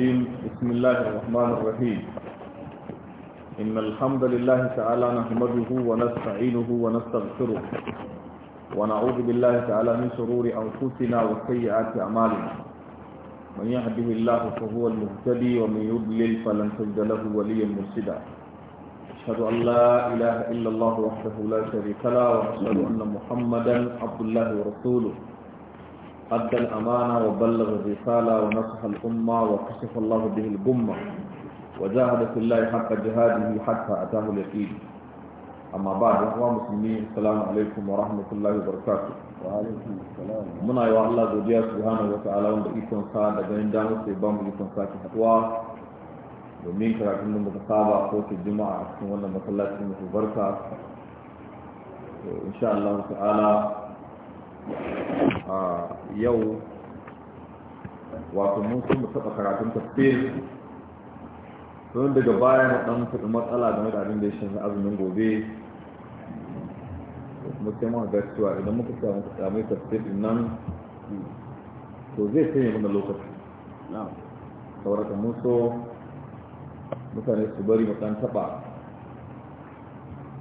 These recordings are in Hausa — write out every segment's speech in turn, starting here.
الرجيم بسم الله الرحمن الرحيم إن الحمد لله تعالى نحمده ونستعينه ونستغفره ونعوذ بالله تعالى من شرور أنفسنا وسيئات أعمالنا من يهده الله فهو المهتدي ومن يضلل فلن تجد له وليا مرشدا أشهد أن لا إله إلا الله وحده لا شريك له وأشهد أن محمدا عبد الله ورسوله أدى الأمانة وبلغ الرسالة ونصح الأمة وكشف الله به الأمة وجاهد في الله حق جهاده حتى أتاه اليقين أما بعد أخوة مسلمين السلام عليكم ورحمة الله وبركاته وعليكم السلام منا يا الله جوديا سبحانه وتعالى وند إيكون سا da ganin damar sai ba mu ikon sake haduwa domin karatun da muka saba ko ke juma'a a cikin wannan masallacin mai barka to insha a yau wato mun kuma saba karatun tafsir sun daga baya na ɗan kuɗi matsala game da abin da shi shafi azumin gobe kuma sai muka ga cewa idan muka samu samu tafsir din nan to zai sanya mana lokaci saurata mun so mutane su bari mu ɗan taba.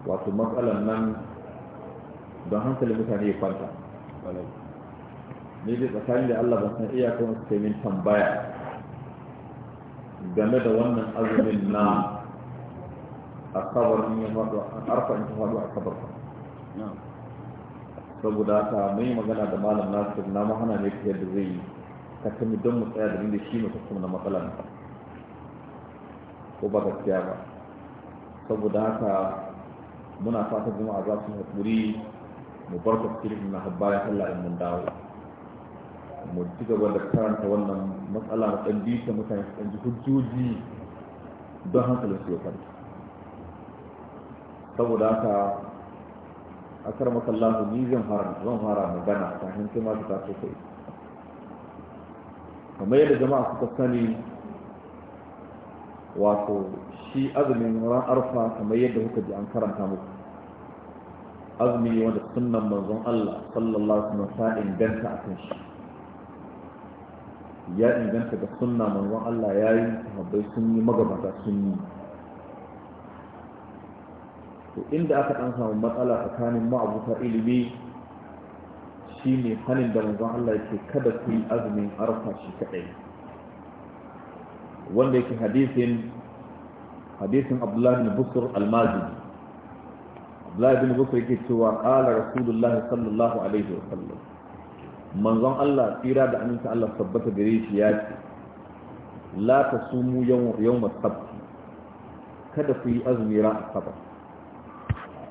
wato matsalan nan don hankali mutane ya kwanta ni dai tsakanin da Allah ba san iyakar wasu kai min tambaya game da wannan azumin na a kabar in ya faɗo a ƙarfa in ta a kabar saboda haka mun yi magana da malam nasir na hana ne fiye da zai yi ka kami don mu tsaya da ni da shi mu tattauna matsalar na ko ba gaskiya ba saboda haka muna fata a za su haƙuri mu bar tafsirin na bayan Allah in mun dawo mu ci gaba da karanta wannan matsala na ɗan bisa mutane su ɗanji hujjoji don hankalin su ya kwanta saboda haka a kar masallahu ni zan fara zan fara magana kafin sai ma su taso kai kamar yadda jama'a suka sani wato shi azumin ran arfa kamar yadda kuka ji an karanta muku azumi wanda Sunan manzon Allah sallallahu alaihi wasallam ta inganta a kan shi ya inganta da sunna manzon Allah ya yi sahabbai sun yi magabata sun yi to inda aka dan samu matsala tsakanin ma'abuta ilimi shine hanin da manzon Allah yake kada ku yi azumin arfa shi kadai wanda yake hadisin hadisin Abdullah bin Busr al-Mazini Abdullahi bin Bukar yake cewa qala Rasulullah sallallahu alaihi wa sallam manzon Allah tsira da aminta Allah tabbata gare shi ya ce la tasumu yawm as-sabt kada ku yi azumi ran asabar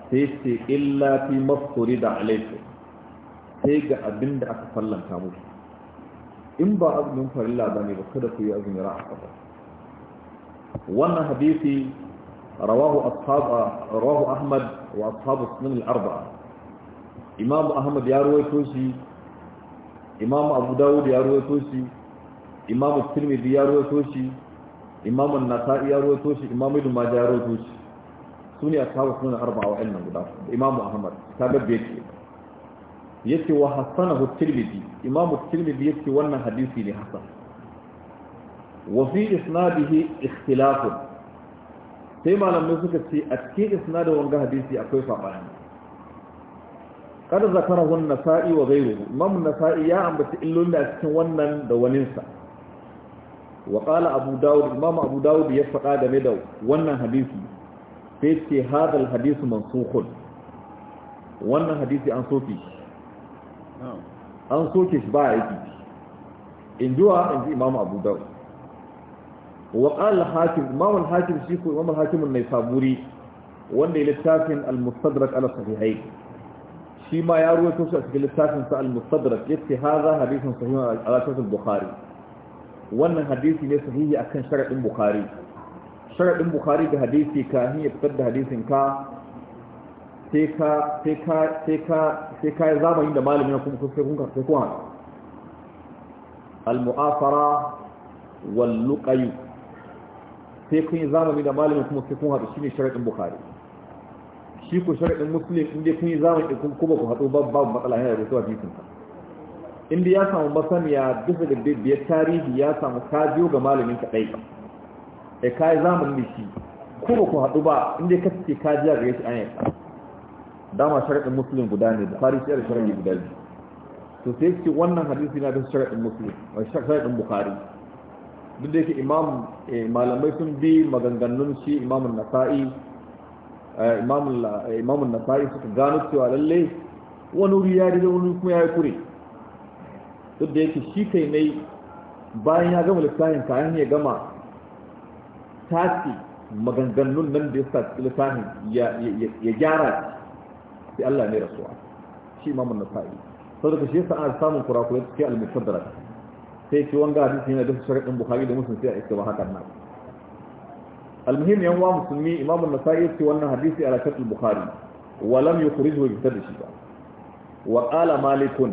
sai ce illa fi mafsuri da alaikum sai ga abin da aka sallanta musu in ba azumin farilla ba ne ba kada ku yi azumin ra'a ba wannan hadisi rawahu ashab rawahu ahmad wa ashabu sunan al-arba'a imam ahmad ya ruwaito shi imam abu dawud ya ruwaito shi imam tirmidhi ya ruwaito shi imam an ya ruwaito shi imam ibn majah ya ruwaito shi sune ashabu sunan al-arba'a wa'annan guda imam ahmad sababbe yake yace wa hasanahu tirmidhi imam wannan hadisi ne hasan wa sai malamai suka ce a cikin isnadin wanga hadisi akwai sabani kada zakara hun nasa'i wa ghayruhu imam nasa'i ya ambaci illolin a cikin wannan da waninsa wa qala abu Dawud, imam abu Dawud ya faɗa game da wannan hadisi sai ce hadal hadisu mansukhun wannan hadisi an soke shi an soke shi ba aiki in wa in ji imam abu Dawud. وقال الحاكم امام الحاكم شيخ امام الحاكم النيسابوري wanda ya littafin al-mustadrak ala sahihai shi ma ya ruwaito shi a cikin littafin sa al-mustadrak yace hadha hadithun sahih ala sahih al wannan hadisi ne sahihi akan sharadin bukhari sharadin bukhari da hadisi ka yi ya da hadisin ka sai zamani da malamin kuma sai kun sai al muafara wal sai kun yi zamani da malamin kuma sai kun haɗu shi ne sharaɗin bukari shi ku sharaɗin musulun inda kun yi zamani kun kuma ku haɗu babu matsala yana da zuwa jikinsa inda ya samu masaniya duka da biyar tarihi ya samu kajiyo ga malamin ka ɗai e ka yi zamani da shi ko ku haɗu ba inda ka ce kajiya ga yashi an dama sharaɗin musulun guda ne bukari shi da sharaɗi guda biyu to sai ce wannan hadisi na da sharaɗin musulun sharaɗin bukari duk da yake imam eh, malamai sun bi maganganun shi imamun nasa'i eh, imamun eh, nasa'i suka gano cewa lalle wani wuri ya rida wani kuma ya yi kure duk da yake shi kai ne bayan ya gama littafin kayan ya gama tasi maganganun nan da ya sa littafin ya gyara sai Allah ne rasuwa shi imamun nasa'i sau ka shi yasa an samun kurakurai cikin almusaddara sai ce wanga hadisi yana da sharadin bukhari da muslim sai a iska ba hakan nan almuhim yan wa musulmi imamu an-nasa'i ce wannan hadisi ala shart al-bukhari wa lam yukhrijhu bi tadshi ba wa qala malikun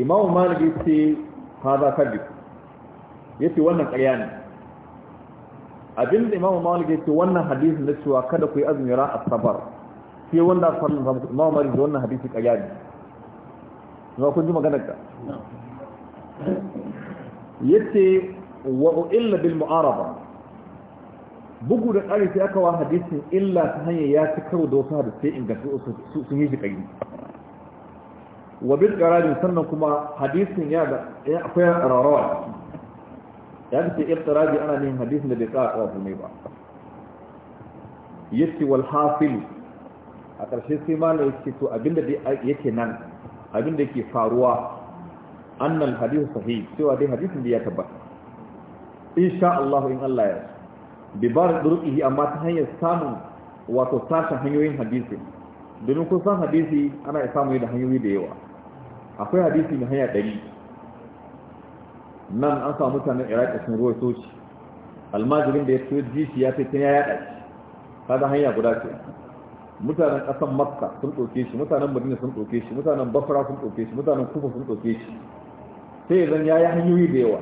imamu malik yace hada kadib yace wannan ƙarya ne abin da imamu malik yace wannan hadisi na cewa kada ku yi azumi ra sabar. sai wanda sallan imamu malik wannan hadisi ƙarya ne ba kun ji magana ka yace wa illa bil mu'arada bugu da ƙari sai aka wa hadisin illa ta hanyar ya ci karo da wasu in ingantu sun yi jiƙari wa bil ƙararri sannan kuma hadisin ya da akwai rarawa ya ce ce irtiraji ana neman hadisin da bai ƙara ƙawa ne ba yace wal hafil a ƙarshe sai malam yake to abinda yake nan abinda yake faruwa annal hadith sahih cewa dai hadisin da ya tabbata insha Allah in Allah ya bi bar durukihi amma ta hanyar samun wato sashen hanyoyin hadisi domin kun san hadisi ana samu da hanyoyi da yawa akwai hadisi mai hanya ɗari nan an samu mutanen iraq sun ruwa soci almajirin da ya fi jishi ya fi tun ya yaɗa shi hanya guda ce mutanen ƙasan makka sun ɗauke shi mutanen madina sun ɗauke shi mutanen basra sun ɗauke shi mutanen kufa sun ɗauke shi sai zan ya yi hanyoyi da yawa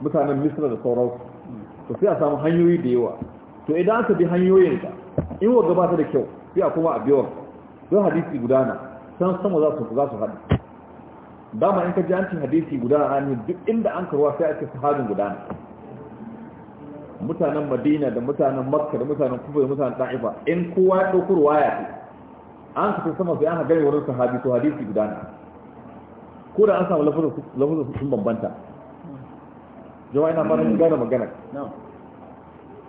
mutanen misra da sauransu to sai a samu hanyoyi da yawa to idan aka bi hanyoyin ka in wa gabata da kyau sai a kuma a biyawan don hadisi gudana san sama za su za su haɗu dama in ka ji an ci hadisi gudana an yi duk inda an karuwa sai ake sahabin gudana mutanen madina da mutanen makka da mutanen kufa da mutanen ɗa'ifa in kowa ya ɗauki ruwaya an ka sama sai an haɗari wurin sahabi to hadisi gudana ko da an samu lafazin sun bambanta jama'a ina fatan gane magana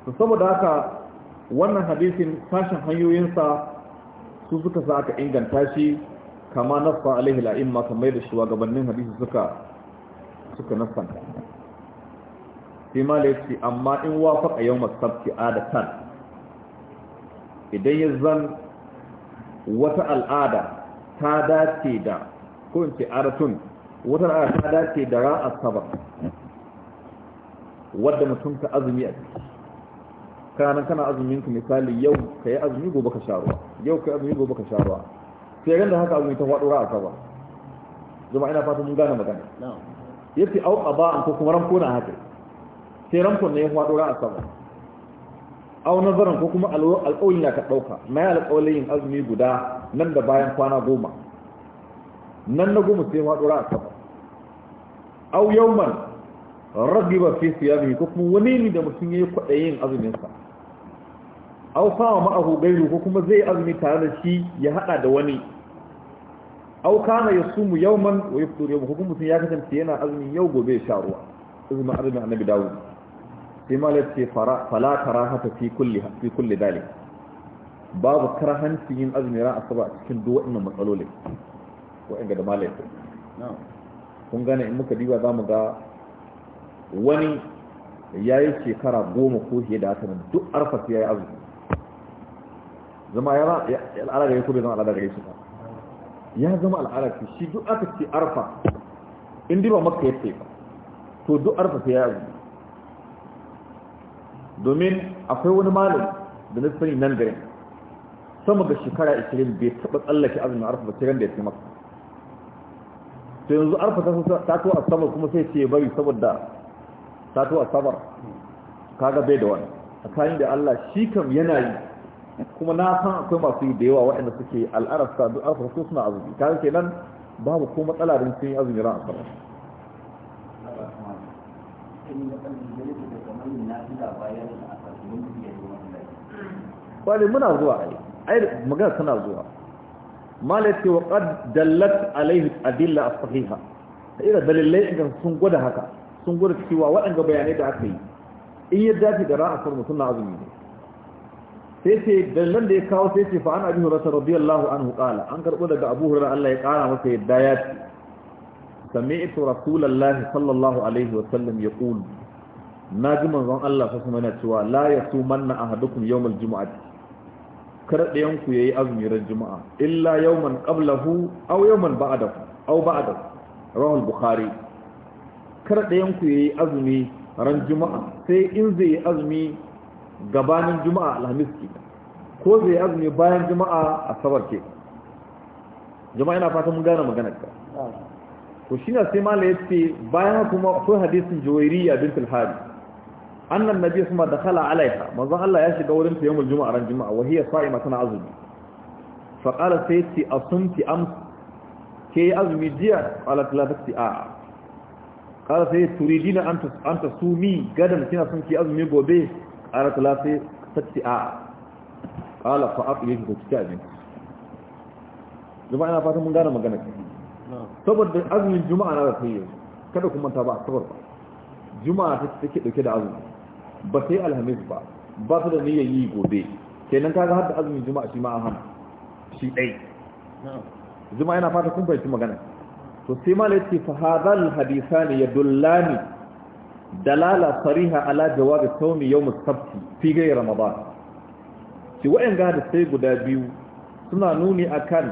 to saboda haka wannan hadisin sashen hanyoyinsa su suka sa aka inganta shi kama nassa alaihi ma kamar da shugabannin hadisi suka suka nassanta sai ma amma in wafa a yau masabti adatan idan ya zan wata al'ada ta dace da ko in ce aratun wutar aya ta dace da ra'a sabar wadda mutum ka azumi a ciki kana kana azumin ka misali yau ka yi azumi gobe ka sharuwa yau ka yi azumi gobe ka sharuwa sai ran da haka azumi ta faɗo ra'a sabar zama ina fata mun gane magana yace au aba an ko kuma ran kona haka sai ranko ne ya faɗo ra'a sabar au nazaran ko kuma alƙawli na ka ɗauka mai alƙawlin azumi guda nan da bayan kwana goma nan na goma sai waɗura a sama au yawman ragiba fi siyami ko kuma wani ne da mutum ya yi kwaɗayin azumin sa au sama ma'ahu gairu ko kuma zai azumi tare da shi ya haɗa da wani au kana yasumu yawman wa yaftur yawman ko kuma mutum ya kasance yana azumin yau gobe ya sha ruwa azumin azumin annabi dawud sai malaka ce fara fala karahata fi kulli fi kulli dalik babu karahanci yin azumi ran asaba cikin duk waɗannan matsalolin waɗanda da malaifin kun gane in muka diba za mu ga wani ya yi shekara goma ko fiye da haka duk arfas ya yi azumi zama ya al'ada gare ko bai zama al'ada ya shi ya zama al'ada ce shi duk aka ce arfa in diba maka ya ce ba to duk arfa sai ya yi azumi domin akwai wani malami da na sani nan gare sama ga shekara 20 bai taɓa tsallake azumin arfa ba sai ran da ya ce maka to yanzu arfa ta a asabar kuma sai ce bari saboda ta a asabar kaga bai da wani a kayan da Allah shi kam yana yi kuma na san akwai masu yi da yawa waɗanda suke al'arasta duk arfa su suna azumi kaga kenan babu ko matsala don sun yi azumi ran asabar kwale muna zuwa ai magana suna zuwa malati wa qad dallat alaihi adilla as-sahiha ira dalilai inda sun gwada haka sun gwada cewa waɗanda bayanai da aka yi in ya dafi da ra'a mutum na azumi ne sai ce dalilan da ya kawo sai ce fa an abi hurata radiyallahu anhu qala an karbo daga abu hurara Allah ya kara masa yadda ya ce sami'tu rasulullahi sallallahu alaihi wa sallam ya na naji manzon Allah fa kuma yana cewa la a ahadukum yawmal juma'a. kada ɗayan ku yayi azumi ran juma'a illa yawman qablahu aw yawman ba'dahu aw ba'dahu rawahu bukhari kada ɗayan ku yayi azumi ran juma'a sai in zai yi azumi gabanin juma'a alhamis ke ko zai yi azumi bayan juma'a asabar ke jama'a ina fata mun gane maganar ka to shi sai malai ya ce bayan kuma akwai hadisin juwairiya bint al-hari annan nabi kuma da khala alaiha manzon Allah ya shiga wurin ta yawmul juma'a ran juma'a wahiya sa'ima tana azumi fa qala sayti asumti am ke azumi jiya qala la tafti a qala sayti turidina an an sumi gadan kina son ki azumi gobe qala la tafti a qala fa aqli ku kitabin juma'a ina fatan mun gane magana saboda azumin juma'a na da sai kada kuma ta ba saboda juma'a ta take dauke da azumi ba sai alhamis ba ba su da niyyar yi gobe kenan kaga har da azumin juma'a shi ma a hana shi dai juma'a yana fata kun fahimci magana to sai ma la yace fa hadal hadithani yadullani dalala sariha ala jawab sawmi yawm as-sabt fi ghayr ramadan shi wa'anga da sai guda biyu suna nuni akan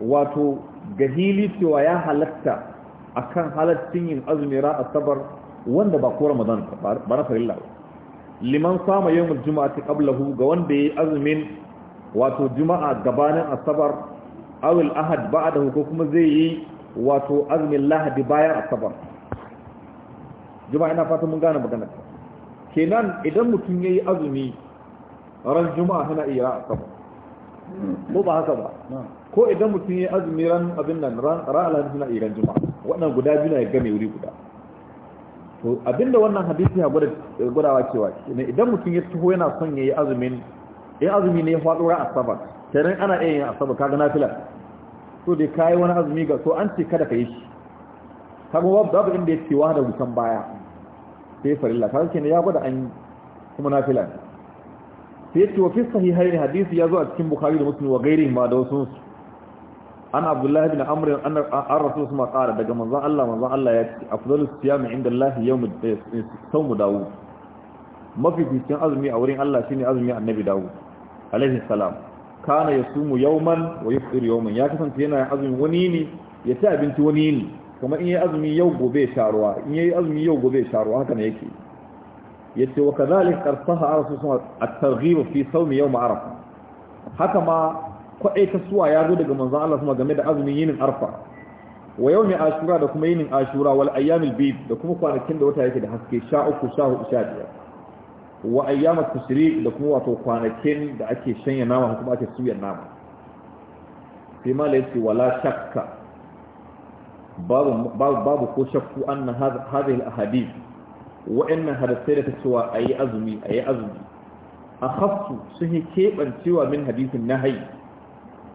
wato gahili cewa ya halatta akan halaccin yin azumi ra asabar wanda ba ko ramadan ba ba na farilla liman sama ta juma'ati qablahu ga wanda yayi azumin wato juma'a gabanin asabar ahad al ahad ba'dahu ko kuma zai yi wato azumin lahadi bayan asabar juma'a ina fata mun gane magana kenan idan mutum yayi azumi ran juma'a suna iya asabar ko ba haka ba ko idan mutum yayi azumi ran abin nan ran ran suna iya ran juma'a wannan guda biyu ne game wuri guda to abinda wannan hadisi ya gudawa cewa idan mutum ya tuho yana son ya yi azumin in azumi ne ya faɗo ran asaba kenan ana iya yin asaba kaga nafila to dai kayi wani azumi ga so an ce kada ka yi shi kaga babu babu inda ya ce wa da wutan baya sai farilla kaga ne ya gwada an kuma nafila sai ya ce wa fi sahihai hadisi ya zo a cikin bukari da mutum wa gairin ma da wasu an abdullahi bin amr an rasul kuma qala daga manzon Allah manzon Allah ya ce afdalu siyam inda Allah yawm sawm dawud mafi cikin azumi a wurin Allah shine azumi annabi dawud alaihi salam kana yasumu yawman wa yufṭir yawman ya kasance yana azumi wani ne ya ci abinci wani ne kuma in yayi azumi yau gobe sha ruwa, in yayi azumi yau gobe sharuwa haka ne yake yace wa kadhalika qarsaha rasul kuma at-targhib fi sawm yawm arafa. haka ma kwaɗai ta suwa ya zo daga manzan Allah kuma game da azumin yinin arfa wa yau mai ashura da kuma yinin ashura wal ayyamil bid da kuma kwanakin da wata yake da haske sha uku sha hudu sha biyar wa ayyamat tashriq da kuma wato kwanakin da ake shanya nama kuma ake suya nama sai ma yace wala shakka babu babu ko shakku anna hadhihi al ahadith wa inna hadasai da cewa ayi azumi ayi azumi akhaffu sun kebancewa min hadithin nahyi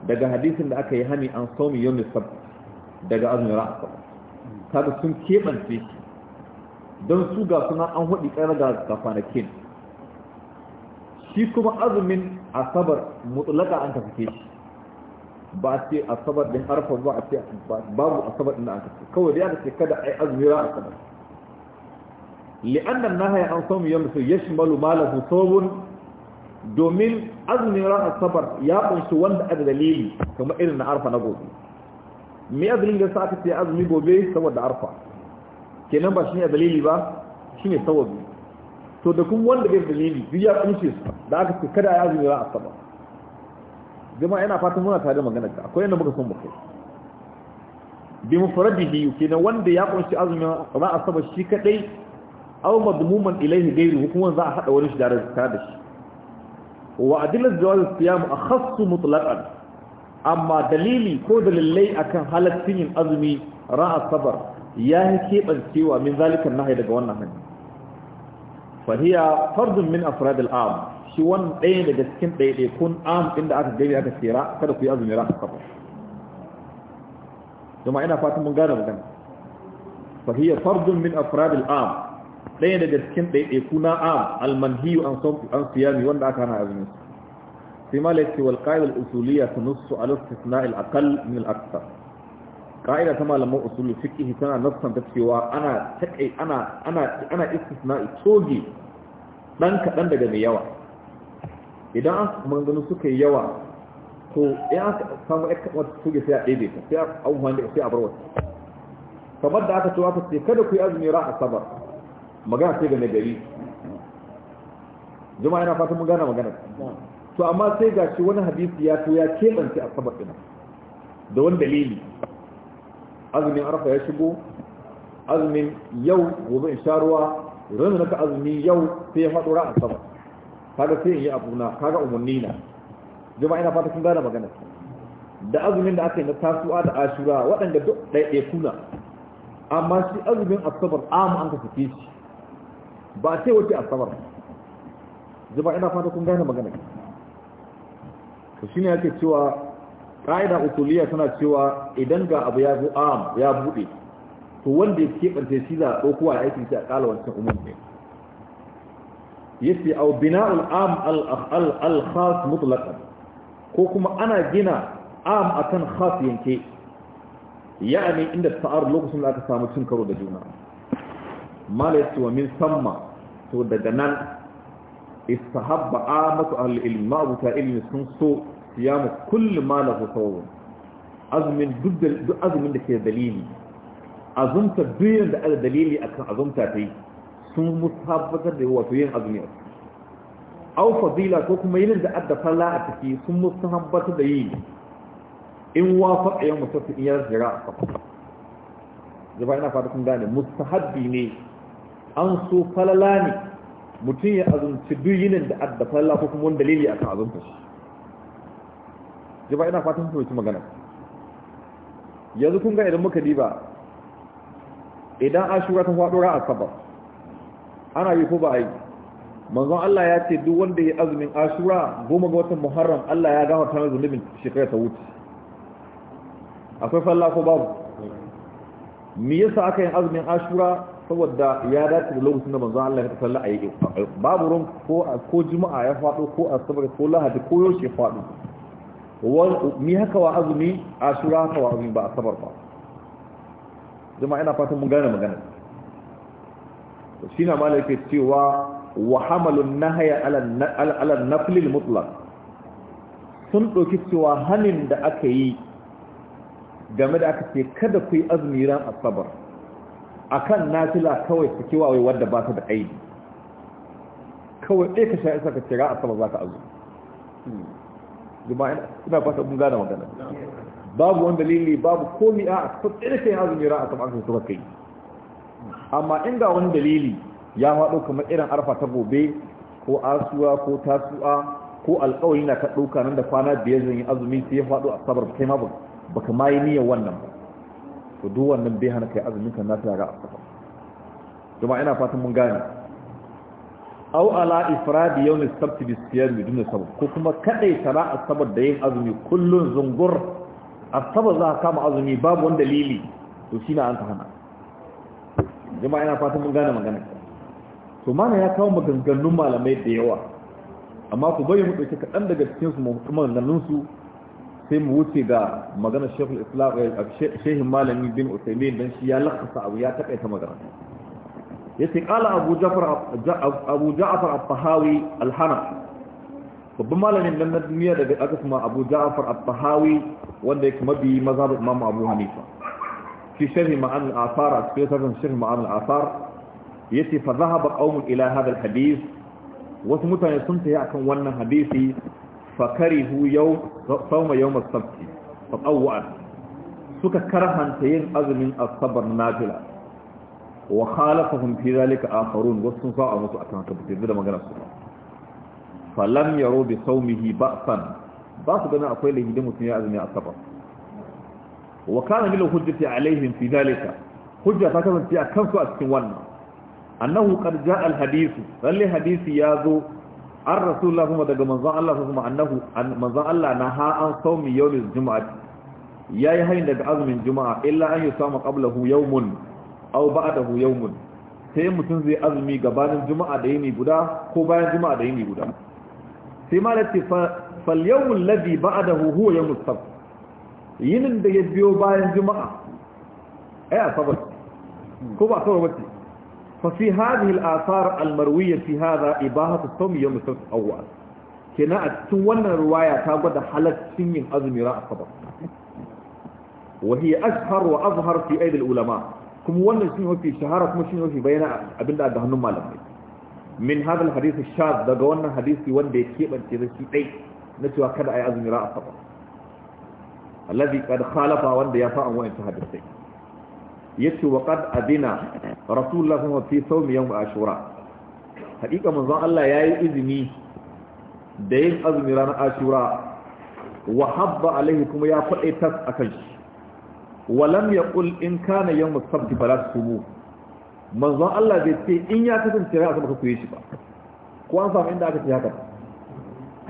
daga hadisin da aka yi hani an saumi yomi sab daga azumin ra'asa. sab kaga sun keɓance shi don su ga suna an hudu tsara ga kwanakin shi kuma azumin asabar mutulaka an tafi shi ba a ce asabar din harfa ba a ce babu asabar din da aka ce kawai da ce kada a yi azumin ai azumi ra'a asabar li'anna nahaya an saumi yomi sab yashmalu malahu sawbun domin azumin ranar Asabar ya kunshi wanda a dalili kamar irin na arfa na gobe me azumin da sa ce azumi gobe saboda arfa kenan ba shi ne dalili ba shi ne sawabi to da kuma wanda bai dalili duk ya kunshi su da aka ce kada ya azumi ranar sabar jama'a yana fatan muna tare da magana ka akwai yadda muka son mu kai bi mufradihi kenan wanda ya kunshi azumin ranar Asabar shi kadai aw madmuman ilayhi gairu hukuman za a hada wani shi da tare da shi wa adilar jawazin siyamu a khassu mutlaƙan amma dalili ko dalilai akan halattun yin azumi ra'a sabar ya yi keɓancewa min zalikan nahai daga wannan hannu fahiya fardun min afrad am, shi wani ɗaya daga cikin ɗaiɗai kun am inda aka gani aka sera, kada ku yi azumi ra'a sabar jama'a ina fatan mun gane magana fahiya fardun min afrad am. ɗaya daga cikin ɗaiɗaiku na a almanhiyu an siyami wanda aka hana azumi sai ma laifi wal ƙa'idar usuliya ta nusu a lokacin na al'akal min al'aksa ƙa'ida ta malaman usulu fiƙihi tana nassan ta cewa ana taƙai ana ana ana istisna toge ɗan kaɗan daga mai yawa idan an manganu suka yi yawa to ya samu ya kaɗa wata toge sai a ɗebe ta sai a abubuwan da sai a bar wata kamar da aka ce aka ce kada ku yi azumi ra'a sabar magana sai ga nagari gari yana fatan mun gane magana to amma sai ga shi wani hadisi ya to ya kebance a sabar ɗina da wani dalili azumin arfa ya shigo azumin yau gobe in sha ruwa ranar naka azumi yau sai ya faɗo ra'a sama kaga sai in yi abuna kaga umarni na jama'a ina fata kun gane magana da azumin da aka yi na tasuwa da ashura waɗanda duk ɗaiɗaiku na amma shi azumin asabar amu an ka tafi shi ba sai wace asabar zuba ina fata kun gane magana to ne ake cewa ƙa'ida usuliya tana cewa idan ga abu ya zo am ya buɗe to wanda ya ke shi za a ɗaukowa a aikin shi a ƙala wancan umar ne yace au bina'ul am al khas mutlaqan ko kuma ana gina am akan khas yanke ya'ani inda ta'ar lokacin da aka samu cin karo da juna malaitu wa min samma to daga nan istahabba amatu ahli ilmi ma abuta ilmi sun so siyamu kulli ma lahu sawabun azumin duk azumin da ke dalili azumta duk da ada dalili akan azumta ta yi sun musabbatar da wato yin azumi a ciki au fadila ko kuma yin da adda falla a ciki sun musabbatar da yi in wafa a yan mutum in ya jira a kafa zaba ina fata kun gane mustahabbi ne an so falala ne mutum ya azunci duk yinin da adda falala ko kuma wani dalili akan azumta shi jaba ina fatan mai magana yanzu kun ga idan muka diba idan ashura ta faɗo ra'a sabar ana yi ko ba a yi manzon Allah ya ce duk wanda ya azumin ashura goma ga watan muharram Allah ya gafarta mai zunubin shekara ta wuce akwai falla ko babu me yasa aka yin azumin ashura saboda ya dace da lokacin da manzo Allah ya ta sallah ayi babu ran ko ko juma'a ya fado ko asabar ko lahadi ko yaushe fado wal mi haka wa azumi ashura haka wa azumi ba asabar ba jama'a ina fatan mun gane magana shi na malaka cewa wa hamalun nahya ala ala nafl al mutlaq sun doki cewa hanin da aka yi game da aka ce kada ku yi azumi ran asabar akan nafila kawai su kiwaye wadda ba ta da aiki kawai ɗaya ka sha'isa ka tira a sama za ka azu juma'in ina fata mun gane magana babu wani dalili babu komi a su tsere kai azumi ra'a sama aka suka kai amma inda wani dalili ya faɗo kamar irin arfa ta gobe ko asuwa ko tasu'a ko alƙawari na ka ɗauka nan da kwana biyar zan yi azumi sai ya faɗo a sabar kai ma ka ma yi niyyar wannan ba to duk wannan bai hana kai azumin kan na tara a kafa kuma ina fatan mun gane aw ala ifradi yawm as-sabt bi siyam bidun sabab ko kuma kadai tara asabar da yin azumi kullun zungur asabar za kama azumi babu wani dalili to shine an ta hana kuma ina fatan mun gane magana to mana ya kawo maganganun malamai da yawa amma ku bari mu dauki kadan daga cikin su mu kuma su sai mu wuce ga magana shekul islam eh, shehin malami bin usaimin don shi ya lakasa abu ya takaita magana ya ce kala abu ja'afar al-fahawi babban malamin nan na duniya daga aka kuma abu ja'afar al wanda ya kuma maza mazhabin imam abu hanifa في شرح معاني الآثار ya في شرح معاني الآثار يتي فذهب قوم إلى هذا الحديث وثمتها يسنتها عن wannan hadisi. fakarihu yau sauma yau masabti fatawwa suka karhanta yin azumin asabar nafila wa khalafahum fi zalika akharun wasu sun sa'a musu akan haka bude da magana su falam yaro bi saumihi ba'san ba su gani akwai lahidi mutum ya azumi asabar wa kana min hujjati alaihim fi zalika hujja ta kasance a kansu a cikin wannan annahu qad jaa al hadith lalle hadisi ya zo an rasulullah kuma daga manzon Allah kuma annahu manzon Allah na ha an saumi yawmin juma'a yayi hayin daga azumin juma'a illa an yusama qablahu yawmun aw ba'dahu yawmun sai mutum zai azumi gabanin juma'a da yini guda ko bayan juma'a da yini guda sai malati fal yawmul ladhi ba'dahu huwa yawmus sabt yinin da ya biyo bayan juma'a ai asabar ko ba asabar bace ففي هذه الآثار المروية في هذا إباهة الصوم يوم السبت الأول كنا أتكون الرواية رواية تابد حلت سنين أزمي راء الصبر وهي أشهر وأظهر في أيدي الأولماء كم وانا سنين وفي شهارة مشين وفي بينا أبدا ما مالك من هذا الحديث الشاذ ده قولنا حديث وان دي كيبا تيرسي أي نتوى كده أي أزمي راء الصبر الذي قد خالف وان دي يفاء وان تهدف yace wa qad adina rasulullahi fi sawm yawm ashura hakika manzon Allah yayi izini da yin azumi ranar ashura wa habba alaihi kuma ya faɗe tas akan shi wa lam yaqul in kana yawm as-sabt fala tusumu manzon Allah bai ce in ya kasance ranar asabar ku yi shi ba ko an samu inda aka ce haka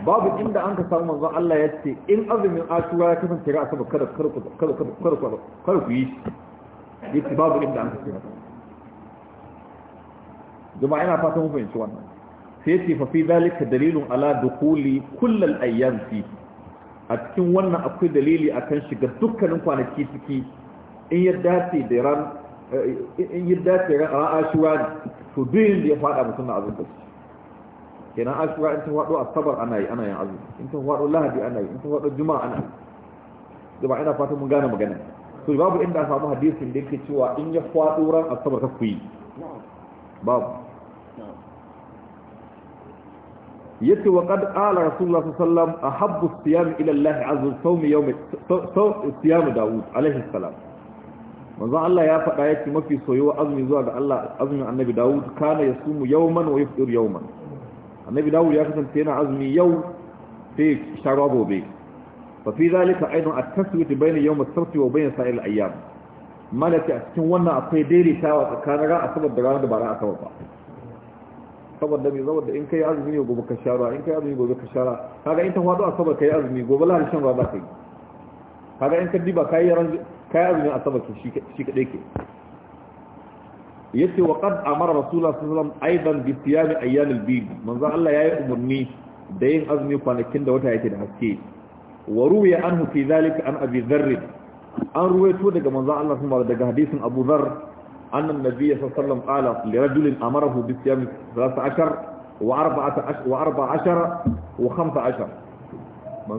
babu inda an ka samu manzon Allah ya ce in azumin ashura ya kasance ranar asabar kada kada kada kada ku yi shi yake babu inda an kace masa jama'a ina fatan mun fahimci wannan sai yace fa fi zalika dalilun ala dukuli kullal ayyam fi a cikin wannan akwai dalili akan shiga dukkanin kwanaki ciki in ya dace da ran in ya dace ran ashura ne to duk da ya fada mutum na azumta kenan ashura in ta fado asabar ana yi ana yin azumi in ta fado lahadi ana yi in ta fado juma'a ana yi jama'a ina fatan mun gane magana to babu inda aka samu hadisin da yake cewa in ya faɗo ran asabar ka ku yi babu yace wa qad qala rasulullah Sallam a habbu Siyami siyam ila allah azza wa Siyami Dawud siyam daud alaihi salam manzo Allah ya faɗa yake mafi soyuwa azumi zuwa ga Allah azumin annabi daud kana yasumu yawman wa yafṭir yawman annabi Dawud ya kasance yana azumi yau sai sharabobe ففي ذلك أيضا التسويت بين يوم السبت وبين سائر الأيام مالك أسكن وانا أطي ديري ساوة كان راء سبب درانا دبارا أسوى saboda mai zawar da in kai azumi ne gobe ka shara in kai azumi gobe ka shara kaga in ta hado asabar kai azumi gobe lahadi shan ruwa za ka yi kaga in ka diba kai ran kai azumi asabar ke shi kadai ke yace wa qad amara rasulullah sallallahu alaihi wasallam aidan bi siyam ayyam al-bid manzo Allah yayi umurni da yin azumi kwanakin da wata yake da haske wa ruwiya anhu fi dhalika an abi dharr an ruwayto daga manzo Allah kuma daga hadisin Abu Dharr an annabi sallallahu alaihi wasallam qala li rajulin amarahu bi siyam 13 wa 14 wa 15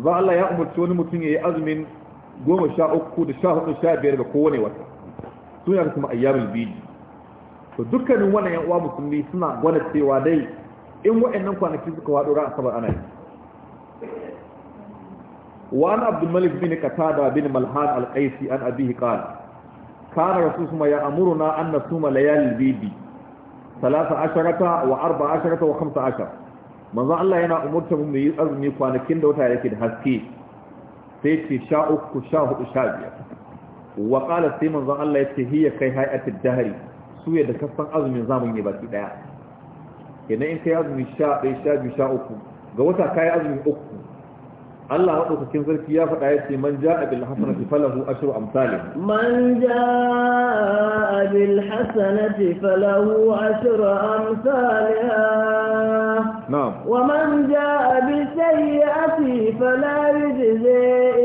Allah ya umarci wani mutum yayi azumin 13 da 14 15 da kowane wata suna da kuma ayyamul bid to dukkanin wannan yan uwa musulmi suna gwada cewa dai in wa'annan kwanaki suka wado ra'a sabar ana yi وعن عبد الملك بن كتابة بن ملحان القيسي عن أبيه قال كان رسول الله يأمرنا أن نصوم ليالي البيبي ثلاثة عشرة وأربع عشرة وخمسة عشر من ذا الله ينا أمرت من يأزمي فانكين دوتا يكيد هسكي سيتي شاء أكو شاء أشابية وقال سيمن ذا الله يتهي كي هيئة الدهري سوية دكستان أزمي زامن يباتي دايا يعني إن كي أزمي شاء أي شاء أكو قوتا كي أزمي أكو Allah maɗaukakin sarki ya faɗa ya ce man ja'a bil hasanati falahu ashru amsalih man ja'a bil hasanati falahu ashru amsalih na'am wa man ja'a bis sayyi'ati fala yujzi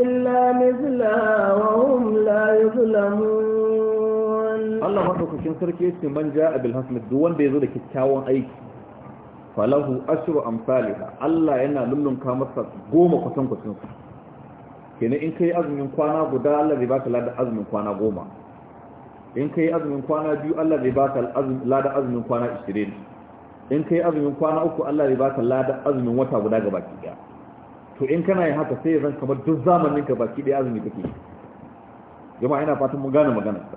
illa mithlaha wa hum la yuzlamun Allah maɗaukakin sarki ya ce man ja'a bil hasanati duk wanda yazo da kyakkyawan aiki falahu ashiru amsalha Allah yana ka masa goma kusan kusan su kenan in kai azumin kwana guda Allah zai baka ladan azumin kwana goma in kai azumin kwana biyu Allah zai baka ladan azumin kwana 20 in kai azumin kwana uku Allah zai baka ladan azumin wata guda gabaki daya to in kana yin haka sai zan kamar duk zamanin ka baki daya azumi kake jama'a ina fatan mun gane maganar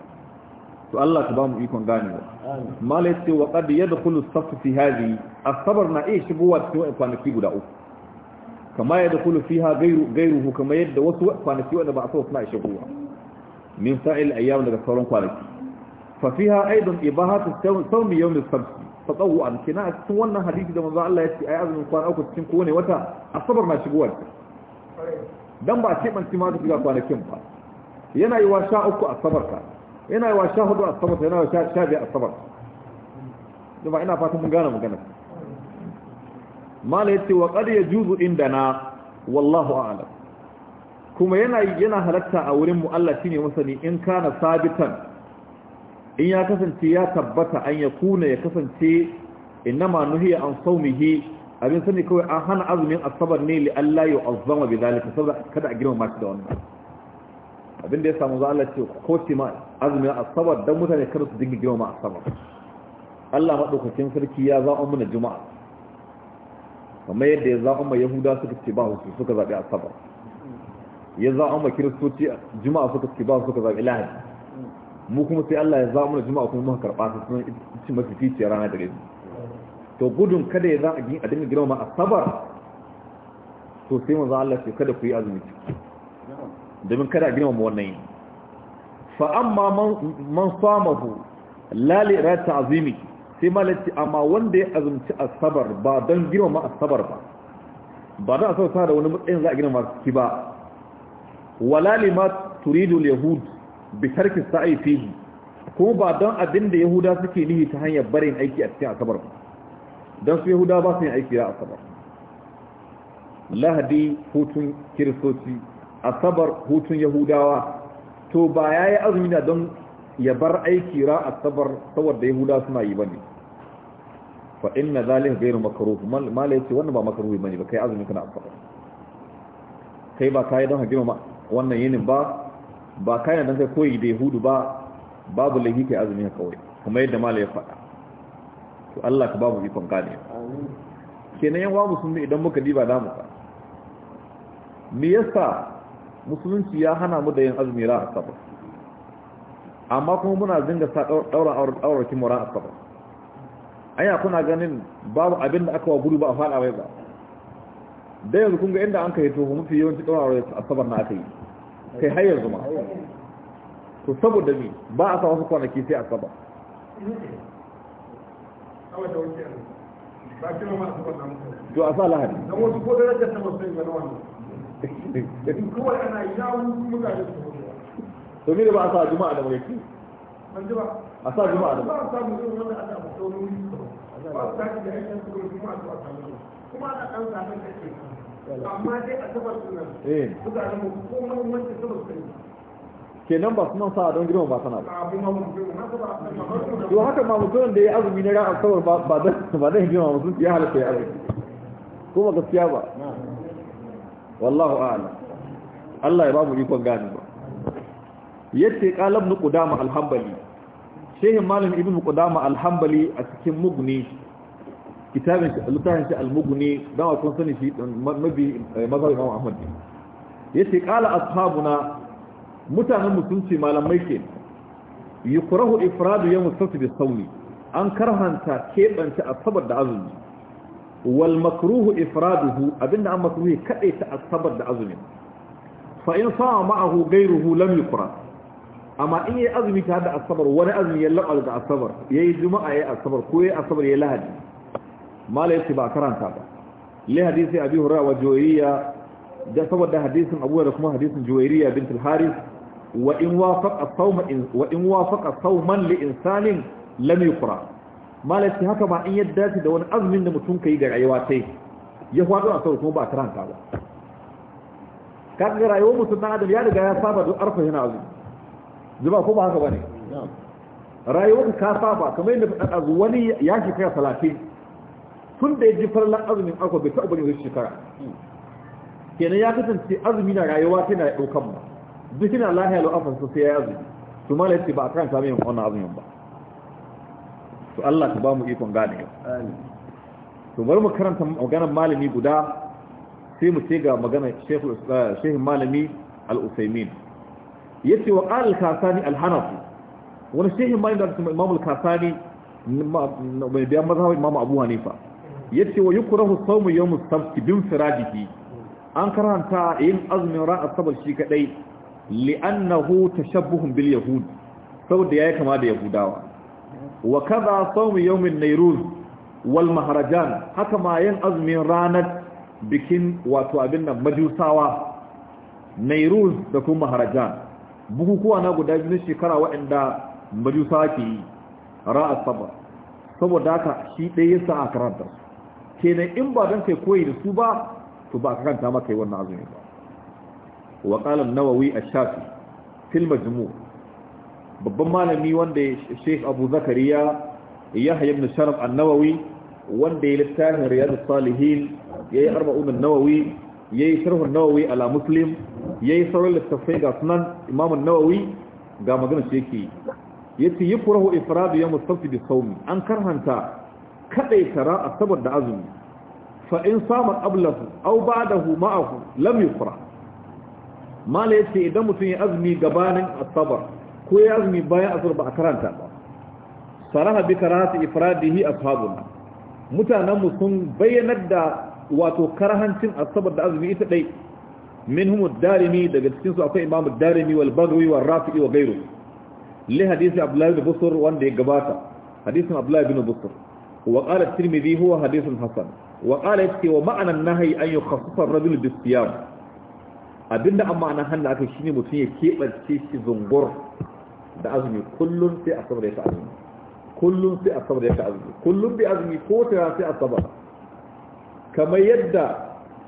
to Allah ka ba mu ikon ganewa mala ya ce wa qad yadkhulu as-saff fi hadhihi as-sabr na iya shigowa cikin kwanaki guda uku kama yadkhulu fiha ghayru ghayruhu kama yadda wasu kwanaki wanda ba a so suna shigowa min sa'il ayyam daga sauran kwanaki fa fiha aidan ibahatu sawm yawm as-sabt tatawuan kina cikin wannan hadisi da manzo Allah ya ce ai azumin kwana uku cikin kowane wata as-sabr na shigowa dan ba a ce ban cima da kwanakin ba yana yi wa sha uku a sabarka yana yi wa sha hudu asabar yana wa sha asabar ina fatan mun gane magana mala yace wa qad yajuzu indana wallahu a'lam kuma yana yana halatta a wurin mu Allah shine masani in kana sabitan in ya kasance ya tabbata an ya kuna ya kasance innama nuhiya an sawmihi abin sani kawai an hana azumin asabar ne li Allah ya azzama bi saboda kada a girma maki da wannan abin da ya samu za Allah ce ko ce azumin asabar don mutane kar su dinga girma asabar Allah maɗaukacin sarki ya zaɓa mana juma'a kamar yadda ya zaɓa ma yahuda suka ce ba su suka zaɓi asabar ya zaɓa ma kiristoci juma'a suka ce ba suka zaɓi lahadi mu kuma sai Allah ya zaɓa mana juma'a kuma muka karɓa su sun ci mafi ficiyar rana da rezu to gudun kada ya zaɓa a dinga girma asabar to sai maza Allah ce kada ku yi azumi domin kada a girma wannan yin fa amma man samahu la li ta'zimi sai malati amma wanda ya azumci asabar ba don girmama asabar ba ba don asabar sa da wani matsayin za a gina masu ki ba wala ma turidu yahud bi tarki sa'i fihi kuma ba don abin da yahuda suke nihi ta hanyar barin aiki a cikin asabar ba don su yahuda ba su yin aiki a asabar lahadi hutun kiristoci asabar hutun yahudawa to ba ya yi azumi na don ya bar aiki ra a sabar saboda yahuda suna yi ba ne fa inna zalika ghayru makruh mala yace wannan ba makruhi bane ba kai azumi kana afara kai ba kai don hajima wannan yinin ba ba kai don kai koyi da yahudu ba babu lahi kai azumi kawai kuma yadda mala ya faɗa to Allah ka babu ikon gane amin kenan yan sun bi idan muka diba namu ka me yasa musulunci ya hana mu da yin azumi ra'a asabar amma kuma muna zinga sa daura aurakin mu ra'a asabar anya kuna ganin babu abin da aka wa gudu ba a fada bai ba da yanzu kun ga inda an kai to mafi yawanci daura aurar asabar na aka yi kai har yanzu ma to saboda ni ba a sa wasu kwanaki sai asabar to a sa lahadi don wasu ko darajar ta musulmi ga wannan kawai yana yawon mutane su to me da ba a sa juma'a da mulki ban ji ba a sa juma'a da ba a samu zuwa wanda aka abu tsoro ba a sa da aikin su kuma juma'a su a kuma ana ɗan zaɓen da ke amma dai a sabar sunan eh. mutane mu kuma wancan sabar sunan kenan ba sunan sa don girma ba sana ba to haka ma mutum da ya azumi na ran asabar ba ba da ba girma mutum ya halatta ya azumi kuma gaskiya ba wallahu a'lam Allah ya babu ikon gani ba yace qalab nu qudama al-hanbali shehin malam ibnu qudama al-hanbali a cikin mugni kitabin littafin shi al-mugni dan wa kun sani shi mabi eh, mazhab Imam Ahmad yace qala ashabuna mutanen mutunci malamai ke yukrahu ifradu yawm as-sabt bi sawmi an karhanta kebanta asabar da azumi wal makruhu ifraduhu abinda an makruhi kadai ta asabar da azumin fa in sa ma'ahu ghayruhu lam yukra amma in yi azumi ta da asabar wani azumi ya laɓar da asabar yayi juma'a yayi asabar ko yayi asabar yayi lahadi mala ba karanta ba li hadisi abi hurairah wa juwayriya da saboda hadisin abu da kuma hadisin juwayriya bint al-haris wa in wafaqa sawma wa in wafaqa insanin lam yukra malaci haka ba in yadda dace da wani azumin da mutum ka yi ga rayuwa yi ya faɗo a sauri kuma ba ranta ba kaga ga rayuwar mutum na adam ya daga ya saba don arfa yana azumi zuba ko ba haka ba ne? rayuwar ka saba kamar yadda faɗa azu wani ya shekara talatin tun da ya ji farlan azumin akwa bai taɓa ne wasu shekara hmm. kenan ya kasance azumi na rayuwa ta ya ɗaukan ba duk yana lahiya lo sai ya azumi to malaci ba a kan samun wannan azumin ba to Allah ka ba mu ikon gane to bari mu karanta maganar malami guda sai mu ce ga maganar shehin eh, malami al-usaimin ce wa qala al-kasani al-hanafi wani shehin malami da imam al-kasani mai bayan mazhabin imam abu hanifa ce wa yukrahu sawmu yawm as-sabt bin firajiki. an karanta yin azumin ran sabar shi kadai li'annahu tashabbuhun bil yahud saboda yi kama da yahudawa wa kaza sawmu yawmin nairuz wal maharajan haka ma yin azumin ranar bikin wato abin nan majusawa nairuz da kuma maharajan bukukuwa na guda biyu shekara waɗanda majusawa ke yi ra'a sabar saboda haka shi ɗaya yasa a karanta kenan in ba don kai koyi da su ba to ba ka kanta maka yi wannan azumi ba wa qala an-nawawi ash-shafi fil majmu' babban malami wanda Sheikh Abu Zakariya Yahya ibn Sharaf an-Nawawi wanda ya littafin da Salihin yi arba'un an-Nawawi yayi sharh an-Nawawi ala Muslim yayi sauran littafai ga sunan Imam nawawi ga magana sheki yace yi ifradu yawm ya sabt da sawm an karhanta kadai tara asabar da azumi fa in au qablahu aw ba'dahu ma'ahu lam yufra mala ce idan mutum ya azumi gabanin asabar ko ya azumi bayan asar ba a karanta ba saraha bi karahati ifradihi ashabuna mutanen mu sun bayyanar da wato karahancin asabar da azumi ita dai minhum ad-darimi daga cikin su akwai imamu ad-darimi wal baghawi wal rafi'i wa ghayru li hadisi abdullah ibn busr wanda ya gabata hadisin abdullah ibn busr wa qala at-tirmidhi huwa hadithun hasan wa qala yati wa ma'na an-nahyi an yukhassisa ar-rajul bis-siyam abinda amma ana aka shine mutun ya kebace shi zungur da azumi kullum sai asabar ya ta azumi kullum sai asabar ya ta azumi kullum bi azumi ko ta sai asabar kamar yadda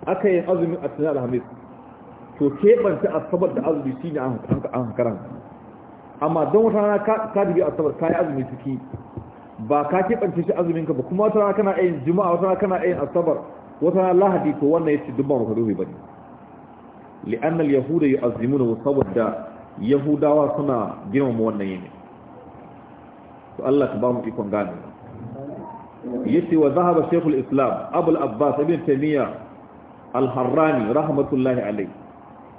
aka yi azumin a tunan alhamis to keɓanta asabar da azumi shi ne an hankaran amma don wata rana ka dubi asabar ka yi azumi ciki ba ka keɓance shi azuminka ba kuma wata rana kana yin juma'a wata rana kana yin asabar wata rana lahadi to wannan ya ce dubban rufe ba ne li'annal yahuda yu'azzimuna saboda yahudawa suna girmama wannan yini to Allah ta ba mu ikon gane yace wa zahaba shaykhul islam abul abbas ibn taymiya al-harrani rahmatullahi alayhi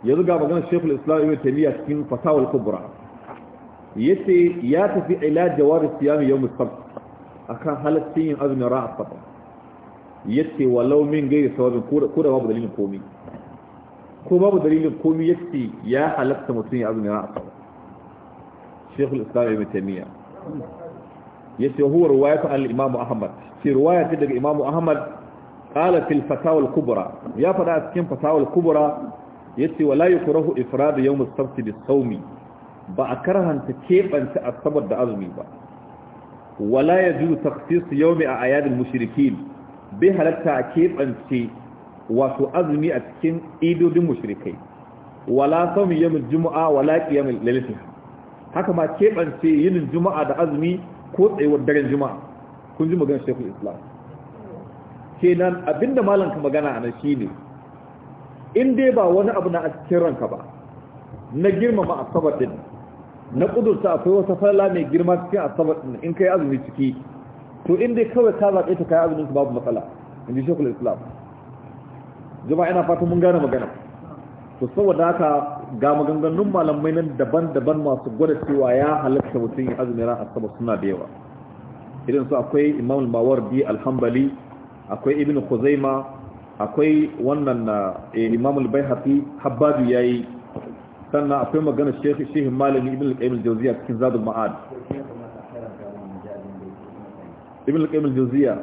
yanzu ga maganar shaykhul islam ibn taymiya cikin fatawul kubra yace ya tafi ila jawar siyam yawm as-sabt akan halatin yin azumin ra'a as-sabt yace walau min gairi sawabin ko da babu dalilin komai ko babu dalilin komi ya ce ya halatta mutum ya azumi ranar asabar shekul islam ibn taimiyya ya ce huwa ruwaya ta al-imam ahmad ce ruwaya ce daga imam ahmad qala fil fatawa al ya fada a cikin fatawal kubura ya ce wala yukrahu ifradu yawm as-sabt bis ba a karhanta kebanta asabar da azumi ba wala yajuzu takhsis yawmi a'yad al-mushrikeen bi halatta kebance wato azumi a cikin idodin mushrikai wala sawmi yamin juma'a wala qiyamul lailatin haka ma keɓance yin juma'a da azumi ko tsayuwar daren juma'a kun ji maganar shekul islam kenan abinda malam ka magana a nan ne. in dai ba wani abu na a cikin ranka ba na girmama asabar din na kudurta akwai wata falla mai girma cikin asabar din in kai azumi ciki to in dai kawai ka zaɓe ta kai azumin su babu matsala in ji shekul islam jama'a ina fatan mun gane magana to saboda haka ga maganganun malamai nan daban-daban masu gwada cewa ya halatta mutum ya azumi ran asabar suna da yawa irin su akwai imam al bi al-hanbali akwai ibn khuzaima akwai wannan eh, imam al-baihaqi habbabi yayi sannan akwai magana shehu shehu malami ibn al-qayyim al-jawziya cikin zadul ma'ad ibn al-qayyim al-jawziya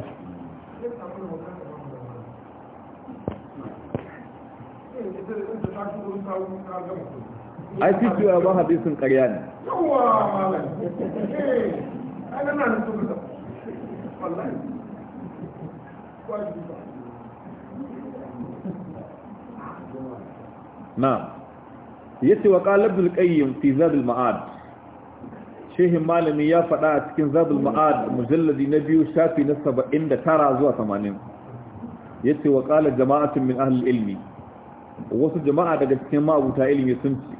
ai fi cewa ba hadisin ƙarya ne na ya ce wa ƙalabul ƙayyim fi zadul ma'ad shehin malami ya faɗa a cikin zadul ma'ad mujalladi na biyu shafi na saba'in da tara zuwa 80 ya ce wa ƙalar jama'atun min ahal ilmi wasu jama'a daga cikin ma'abuta ilimi sun ce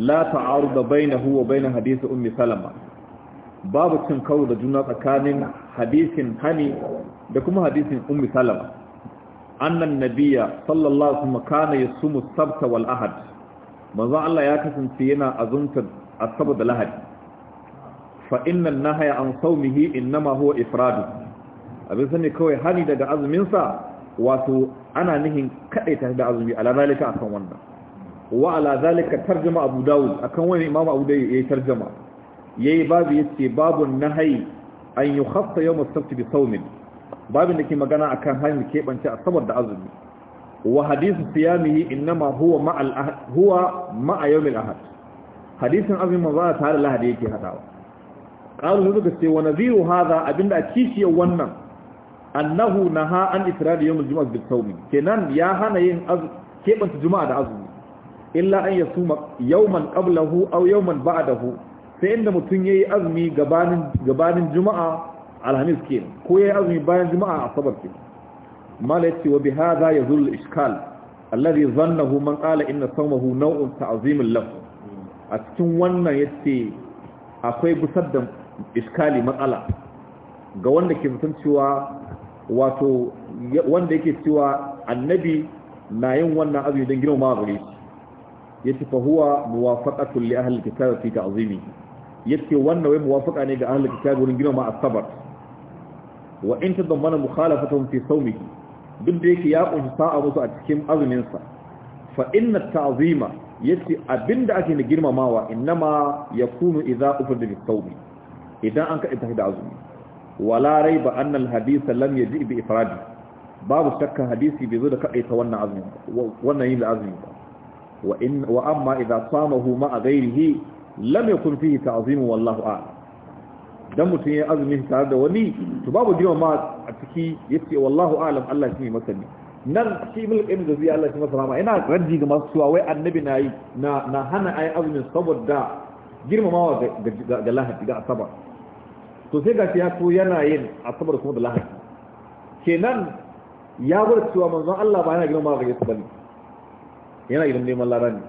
la ta'aruda bainahu wa bain hadisi ummi salama babu cin karo da juna tsakanin hadisin hani da kuma hadisin ummi salama annan nabiyya sallallahu alaihi wasallam kana yasumu sabta wal ahad manzo Allah ya kasance yana azunta asabar da lahadi fa innan nahaya an saumihi innama huwa ifradu abin sani kawai hani daga azumin sa wato ana nihin kadaita da azumi ala zalika akan wannan wa ala zalika tarjuma abu dawud akan wani imam abu dawud yayi tarjuma yayi babu yace babu nahyi an yukhaffa yawm as-sabt bi sawmin babin da ke magana akan hanyar keɓance a saboda azumi wa hadisu siyamihi innama huwa ma'al huwa ma'a yawmil ahad hadisin azumi manzo ta da lahadi yake hadawa qalu suka ce wa nadhiru hadha abinda a kishiyar wannan annahu naha an ifradi yawm al-jum'a bil sawm kenan ya hana yin kebanta juma'a da azumi illa an yasuma yawman qablahu aw yawman ba'dahu sai inda mutun yayi azumi gabanin gabanin juma'a alhamis kenan ko yayi azumi bayan juma'a asabar kenan malati wa bihadha yazul iskal alladhi dhannahu man qala inna sawmahu naw'un ta'zimin lahu a cikin wannan yace akwai busar da iskali matsala ga wanda ke mutum wato wanda yake cewa annabi na yin wannan abu don girma gare shi yace fa huwa li ahli kitab fi ta'zimi yace wannan wai muwafaqa ne ga ahli kitab wurin girma sabar wa in tadammana mukhalafatuhum fi sawmihi duk da yake ya kunshi sa'a musu a cikin azumin sa fa inna ta'zima yace abinda ake na girmamawa innama yakunu idza ufida bi sawmi idan an ka ita da azumi wala raiba anna al-hadith lam yaji bi ifradi babu shakka hadisi bai zo da ta wannan azumi wannan yin azumi ba wa in wa amma idza samahu ma ghayrihi lam yakun fihi ta'zim wallahu a'lam dan mutun ya azumi tare da wani to babu jiwa ma a ciki yace wallahu a'lam Allah shi masani nan shi mil ibn jazi Allah shi masa rama ina raji ga masu cewa wai annabi na yi na na hana ayi azumin saboda girmamawa ga lahadi ga asabar to sai ga ya so yana yin asabar kuma da Ke kenan ya bar cewa manzon Allah ba yana girma ga Yesu bane yana gidan neman larani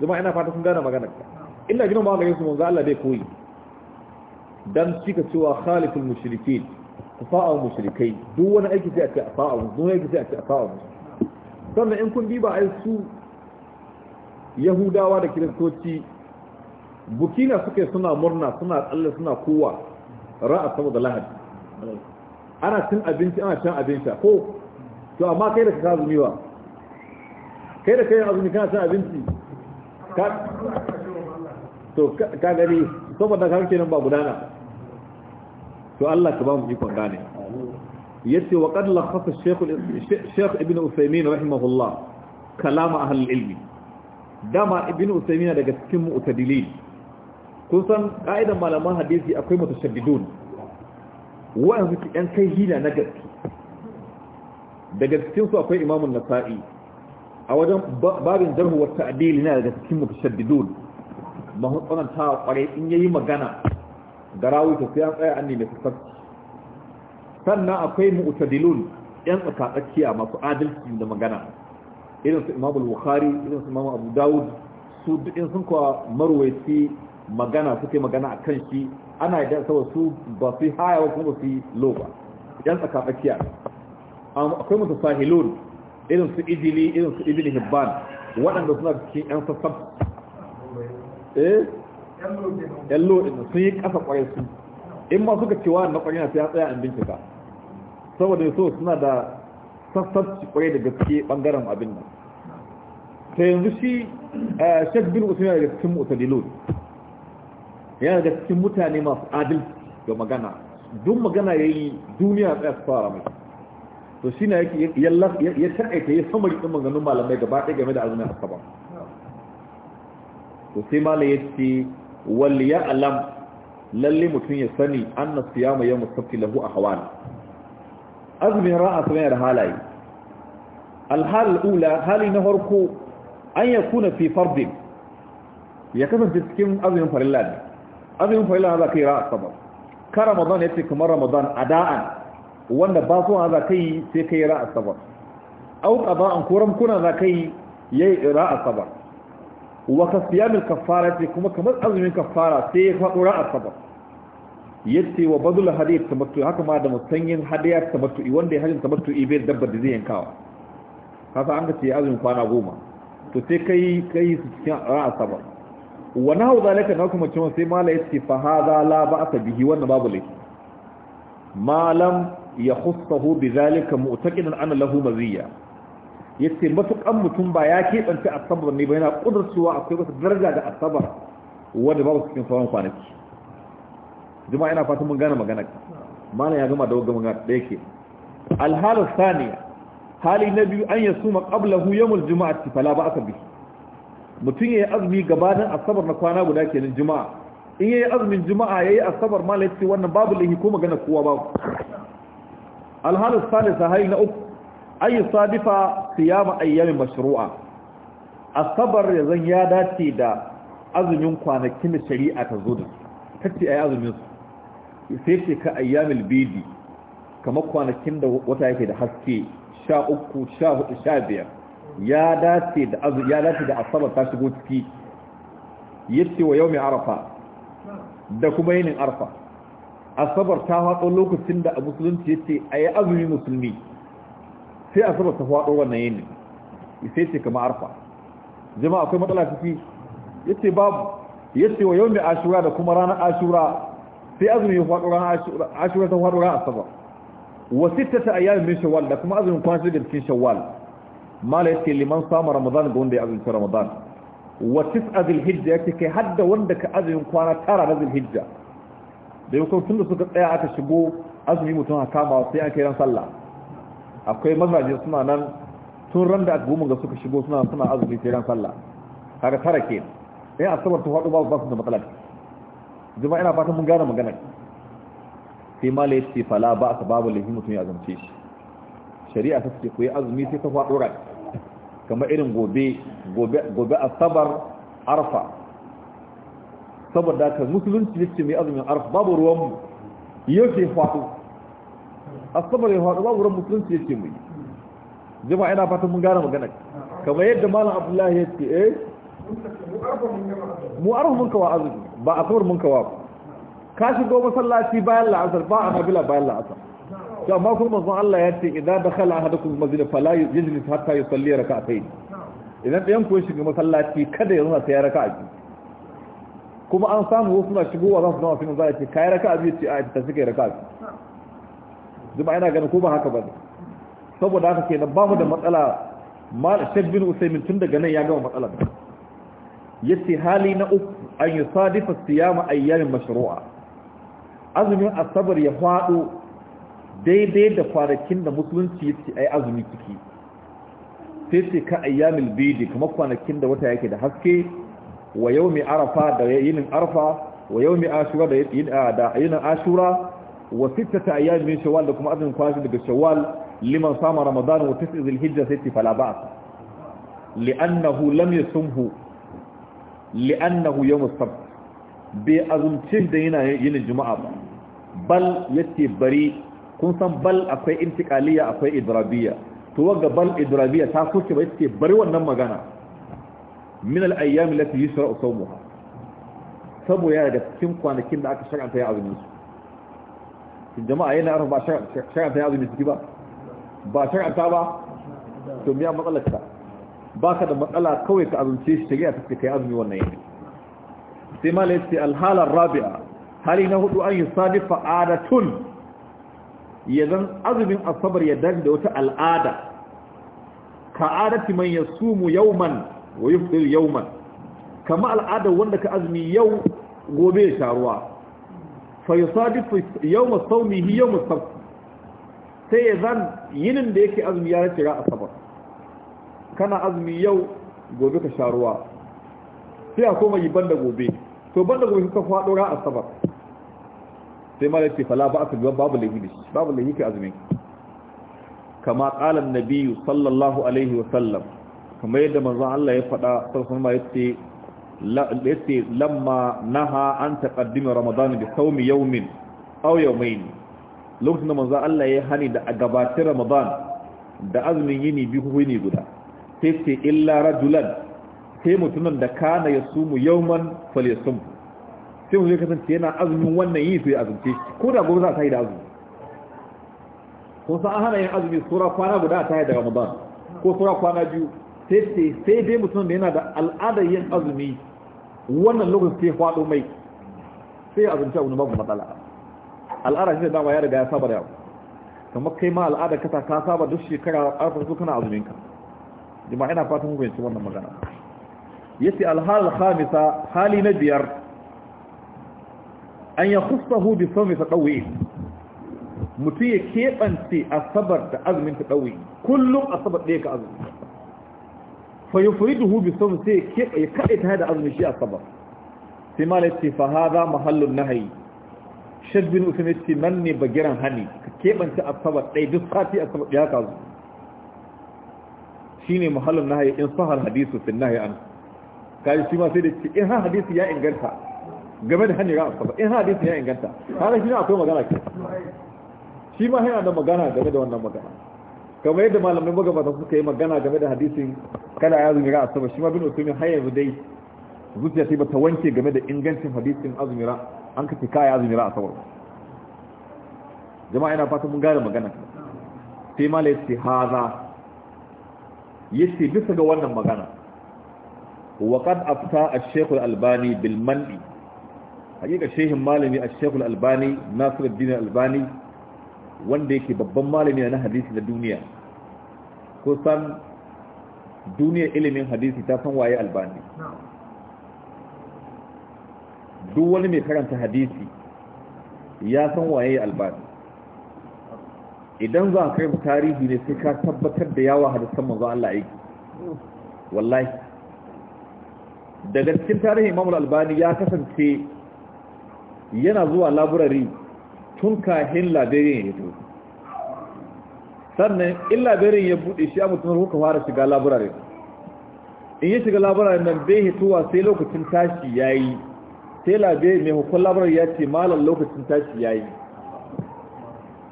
zama ina fata sun gane magana ina girma ga gare manzon Allah bai koyi dan cika cewa khaliful mushrikin fa'a mushrikai duk wani aiki sai a ce duk wani aiki sai a ce afa'u sannan in kun diba ai su yahudawa da kiristoci bukina suke suna murna suna tsalle suna kowa ra'a saboda lahadi ana cin abinci ana cin abinci ko to amma kai da ka azumi ba kai da kai azumi kana cin abinci ka to ka gani saboda ka kenan ba gudana to Allah ka ba mu ikon gane yace wa qad lakhasa shaykh shaykh ibn usaymin rahimahullah kalam ahli ilmi dama ibn usaymin daga cikin mu'tadilin kun san ƙa'idan malaman hadisi akwai mutashaddidun wa'an suke ɗan kai hila na gaske daga cikin su akwai imamun nasa'i a wajen babin jarhu wa ta'dil na daga cikin mutashaddidun mahutsanan ta kware in yayi magana ga rawi ta sai an tsaya an nemi fasarci sannan akwai mu'tadilun yan tsakatsakiya masu adalci da magana irin su imamu bukhari irin su imamu abu dawud su duk in sun kwa marwaci magana suke magana a kan shi ana yi saboda wasu ba su haya wa kuma su lo ba yan tsaka tsakiya akwai musu sahilun irin su ijili irin su ibn hibban waɗanda suna cikin yan sassan eh yan lo ɗin sun yi ƙasa ƙwarai su in ma suka cewa na ƙwarai na siya ya tsaya an bincika saboda so suna da sassan ƙwarai da gaske ɓangaren abin nan ta yanzu shi eh, shek bin usman daga cikin mu'tadilun yana da cikin mutane masu adalci ga magana duk magana ya yi duniya tsaya su fara mai to shi na yake ya ta'aita ya samar ɗin maganin malamai gaba ɗaya game da azumin asabar to sai malai ya ce wal ya alam lalle mutum ya sani an na siyama ya musabti lahu a hawa azumin ra'a sun yana halaye alhal hali na farko an ya kuna fi fardin ya kasance cikin azumin farin ne abin fa'ila za ka yi ra'a sabar ka ramadan ya ce kamar ramadan ada'an wanda ba zuwa za ka yi sai ka yi ra'a sabar au an kuram kuna za ka yi yayi ra'a sabar wa ka siyamil kafara ce kuma kamar azumin kafara sai ya faɗo ra'a sabar yace wa badul hadith tamattu haka ma da musanyin hadiyar tamattu wanda ya hajin tamattu bai dabbar da zai yankawa kasa an ga ce azumin kwana goma to sai kai kai su cikin ra'a sabar wa nahu zalika na kuma cewa sai mala ce fa hadha la ba'sa bihi wannan babu laifi malam ya khussahu bi zalika mu'taqidan anna lahu maziyya yace matukan mutum ba ya kebanta asabar ne ba yana kudurcewa akwai wata daraja da asabar wanda babu cikin sauran kwanaki Juma'a ina fatan mun gane magana malam ya gama da wagga magana da yake alhalu thaniya hali na biyu an yasuma qablahu yawmul jumu'ati fala ba'sa bihi mutum ya yi azumi gabanin asabar na kwana guda kenan juma'a in ya yi azumin juma'a ya yi asabar ma laifi wannan babu laifi ko magana kowa babu alhalin salisa hari na uku an yi sadifa ayyamin mashru'a asabar ya zan ya dace da azumin kwanakin da shari'a ta zo da kacce a yi azumin su sai ce ka ayyamin bidi kamar kwanakin da wata yake da haske sha uku sha hudu sha biyar ya dace da asabar ta shigo ciki yace wa yau mai arafa da kuma yinin arfa asabar ta haɗo lokacin da musulunci a ayi azumi musulmi sai asabar ta hado wannan yinin sai ce kama arfa jama'a akwai matsala ciki yace babu yace wa mai ashura da kuma ranar ashura sai azumi ya hado ranar ashura ashura ta hado ranar asabar ta sittata ayyamin min shawwal da kuma azumin kwanci da cikin shawwal mala yake liman samu ramadan ga wanda ya azumci ramadan wa tis'a hijja yake kai hadda wanda ka azumin kwana tara na hijja da yau tun da suka tsaya aka shigo azumi mutum aka ba sai aka yi sallah akwai mazaje suna nan tun ran da aka ga suka shigo suna suna azumi sai ran sallah haka tara ke sai asabar hadu ba ba su da matsala jama'a ina fatan mun gane magana sai mala yake fala ba sababu lahi mutum ya zance. shi shari'a ta ce ku yi azumi sai ta faɗo rai. kamar irin gobe gobe a sabar arfa saboda ka musulunci ne ce mai azumin arfa babu ruwan mu yau ce faɗo A sabar ya faɗo babu ruwan musulunci ya ce mu yi jama'a ina fatan mun gane magana kamar yadda malam abdullahi ya ce eh mu arfa mun kawa azumi ba a sabar mun kawa ba ka shigo masallaci bayan la'asar ba a nabila bayan la'asar to amma kuma manzon Allah ya ce idza dakhala ahadukum masjid fala yajlis hatta yusalli rak'atayn idan ɗayan ku shiga masallaci kada ya zauna sai ya raka'a biyu kuma an samu wasu na shigowa za su zama sai manzon Allah ya ce kai raka a ce a ta suka a biyu zuma ina ganin ko ba haka ba ne saboda haka kenan ba mu da matsala mal shabbin usaimin tun daga nan ya gama matsalar yace hali na uku an yi yusadifa siyama ayyamin mashru'a azumin asabar ya faɗo daidai da kwanakin da musulunci ya ce a yi azumi ciki sai ce ka ayyamil bidi kamar kwanakin da wata yake da haske wa yawmi arafa da yinin arafa wa yau mai ashura ah, da yinin ashura wa sittata ayyam min shawwal da kuma azumin kwanaki daga shawwal liman sama ramadan wa tis'i dhulhijja sai ce fala ba's li'annahu lam sunhu li'annahu yawm as-sabt bi azumcin da yana yinin juma'a ba bal yace bari kun san bal akwai intikaliya akwai idrabiya to wagga bal idrabiya ta soke bai suke bari wannan magana min al-ayyam lati yusra sawmuha sabo ya da cikin kwanakin da aka shar'anta ya azumi su jama'a yana arfa ba shar'anta ya azumi su ba ba shar'anta ba to miya matsalar ka da matsala kawai ka azumce shi shari'a ta kai azumi wannan yanki sai ma laysa ce hala rabi'a hali na hudu an yi yusadifa adatun ya zan azumin asabar ya dace da wata al'ada ka adati man yasumu yawman wa yufdir yawman kama al'ada wanda ka azumi yau gobe ya sharuwa fa yusadifu yawma sawmihi yawma sabt sai ya zan yinin da yake azumi ya race asabar kana azumi yau gobe ka sharuwa sai a koma yi banda gobe to banda gobe ka fado ra asabar sai mala ce fala ba aka babu lahi da shi babu lahi ka azumin kama qala an-nabi sallallahu alaihi wa sallam kamar yadda manzon Allah ya faɗa sarfin ma yace yace lamma naha an taqaddima ramadan bi sawmi yawmin aw yawmayn lokacin da manzon Allah ya hani da gabatar ramadan da azumin yini bi ko yini guda sai ce illa rajulan sai mutumin da kana yasumu yawman falyasum sai mu zai kasance yana azumin wannan yi su ya azumce shi ko da gobe za ta yi da azumi kun san an hana yin azumi sura kwana guda ta yi da ramadan ko sura kwana biyu sai dai mutum da yana da al'adar yin azumi wannan lokacin sai faɗo mai sai ya azumce abu babu matsala al'ada shi da dama ya riga ya saba da yawa. kamar kai ma al'adar kasa ka saba duk shekara arfa su kana azuminka jima'a ina fatan hukunci wannan magana yace alhal khamisa hali na biyar an ya kusahu bi sami taɗawi mutum ya keɓance asabar da azumin ta taɗawi kullum asabar ɗaya ka azumi fa yi furi duhu bi sami sai ya kaɗe ta da azumin shi asabar sai ma da ce fahaza mahallun nahayi shabbin usman ce nan ne bagiran hani ka keɓance asabar ɗaya duk sati asabar ɗaya ka azumi shine mahallun nahayi in sahar hadisu sun nahayi an kaji shi ma sai da ce in eh, ha hadisi ya inganta game da hannun ra'a kafa in hadisi ya inganta kaga shi ne akwai magana ke shi ma yana da magana game da wannan magana kamar yadda malamai magabata suka yi magana game da hadisin kada ya zumi ra'a saboda shi ma bin usumi har yanzu dai zuciya sai bata wanke game da ingancin hadisin azumi ra'a an kace kaya azumi ra'a asabar. jama'a ina fata mun gane magana sai ma laifin haza yace bisa ga wannan magana وقد أفتى الشيخ الألباني بالمنع hakika shehin malami a shekul albani nasiruddin albani wanda yake babban malami na hadisi na duniya Ko san duniyar ilimin hadisi ta san waye albani duk wani mai karanta hadisi ya san waye albani idan za a karfi tarihi ne sai ka tabbatar da yawa hadisan manzo Allah yake wallahi daga cikin tarihi Imam albani ya kasance yana zuwa laburari tun kahin labirin ya hito sannan in labirin ya buɗe shi a mutum kuka fara shiga laburari in ya shiga laburari nan bai hituwa sai lokacin tashi ya yi sai labirin mai hukun laburari ya ce malar lokacin tashi ya yi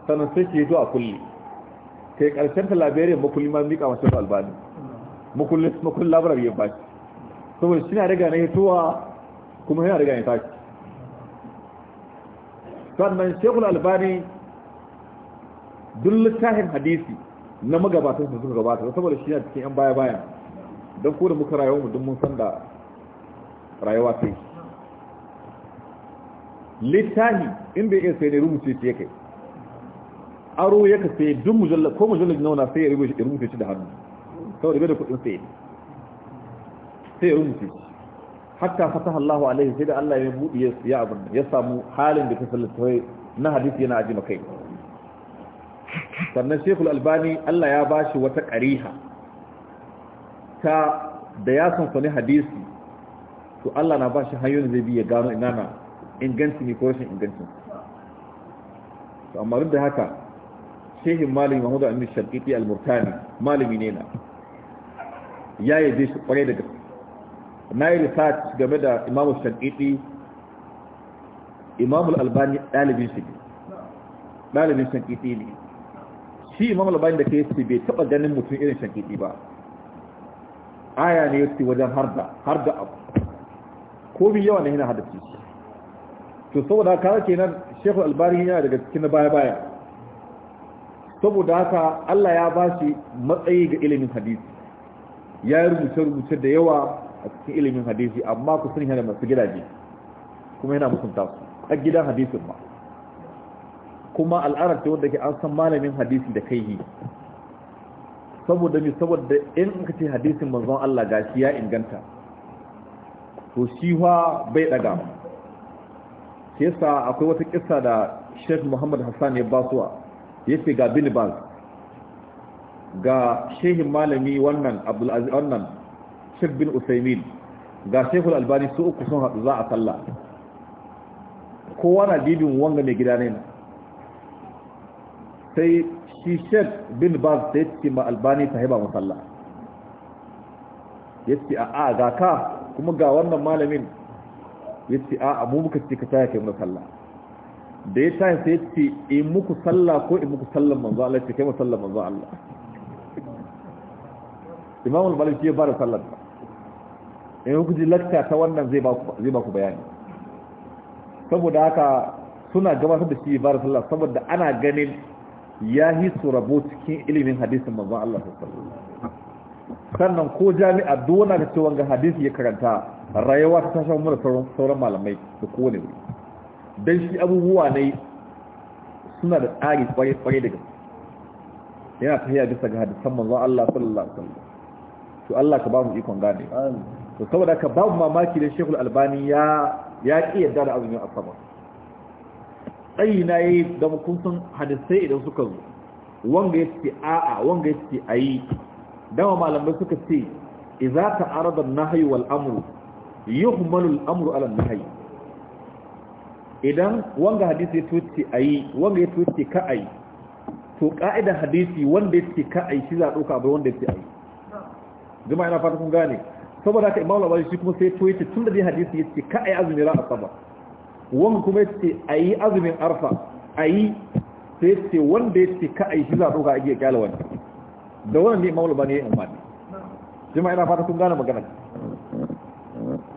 sannan sai ke hito a kulle kai ƙarshen ta labirin makulli ma miƙa masu albani makullin laburari ya ba shi saboda shi na riga na hituwa kuma yana riga ya tashi sannan shekul albani dun littafin hadisi na magabatan su suka gabata saboda shi yana cikin yan baya bayan don ko da muka rayuwa mu dummun mun san da rayuwa sai littafi in bai iya sai ne rubuce ce kai aro ya ka sai dun mujalla ko mujalla na wana sai ya rubuce shi da hannu saboda bai da kudin sai sai ya rubuce shi hatta fataha Allah alaihi sai da Allah ya buɗe ya abin ya samu halin da kasar littafai na hadisi yana ajima kai sannan shekul albani Allah ya bashi shi wata ƙariha ta da ya sansani hadisi to Allah na bashi shi hanyoyin zai bi ya gano ina na inganci ne ko rashin ingancin to amma duk da haka shehin malami Muhammadu Amin Sharqiti al-Murtani malami ne na ya yabe shi kwarai daga na yi research game da imamu shankiti imamu albani ɗalibin shi ɗalibin shankiti ne shi imamu albani da ke yi bai taɓa ganin mutum irin shankiti ba aya ne ce wajen harda harda abu ko bi yawa ne yana haddace shi to saboda haka ke nan shekul albani yana daga cikin baya-baya saboda haka allah ya ba shi matsayi ga ilimin hadisi ya yi rubuce-rubuce da yawa a cikin ilimin hadisi amma ku sun yana masu gidaje kuma yana mutunta su a gidan hadisin ma kuma al'adar ta wanda ke an san malamin hadisi da kai yi saboda mi saboda in ka ce hadisin manzon Allah gashi ya inganta to shi wa bai daga Ke sa akwai wata kissa da Sheikh Muhammad Hassan ya basuwa yace ga Bin Baz ga shehin malami wannan Abdul Aziz wannan shek bin usaimin ga shekul albani su uku sun haɗu za a sallah kowa na dibin wanga mai gida ne sai shi shek bin baz da ya ce ma albani ta haiba musalla ya ce a ga ka kuma ga wannan malamin ya ce a mu muka ce ka taya kai musalla da ya taya sai ya ce in eh, muku sallah ko in muku sallan manzo Allah ce kai musallan manzo Allah imam al-malik ya ba da sallar in ku ji lakta ta wannan zai ba ku bayani saboda haka suna gabatar da shi bar sallah saboda ana ganin ya yi su rabo cikin ilimin hadisin manzon Allah sallallahu sannan ko jami'a dona da cewa ga hadisi ya karanta rayuwa ta tashi mu da sauran malamai da kowane wuri dan shi abubuwa ne suna da tsari kwarai kwarai daga yana tafiya bisa ga hadisan manzon Allah sallallahu alaihi wasallam to Allah ka ba mu ikon gane amin to saboda ka babu mamaki da shekul albani ya ya ƙi yadda da azumin asaba tsayi na yi da san hadisai idan suka zo wanga ya a a'a wanga ya ce da dama malamai suka ce idza ta aradar nahayi wal amru yuhmalu al-amru ala nahayi idan wanga hadisi ya tuce a yi wanga ya ka a to ka'idar hadisi wanda ya ka a shi za a ɗauka wanda ya ce jama'a ina fata kun gane saboda haka imamu labari shi kuma sai to yace tunda dai hadisi yace ka ai azumi ra asaba wani kuma yace ayi azumin arfa ayi sai yace wanda yace ka ai shi za doka ake kala wani da wannan ne imamu labari ya amma jama'a ina fata kun gane magana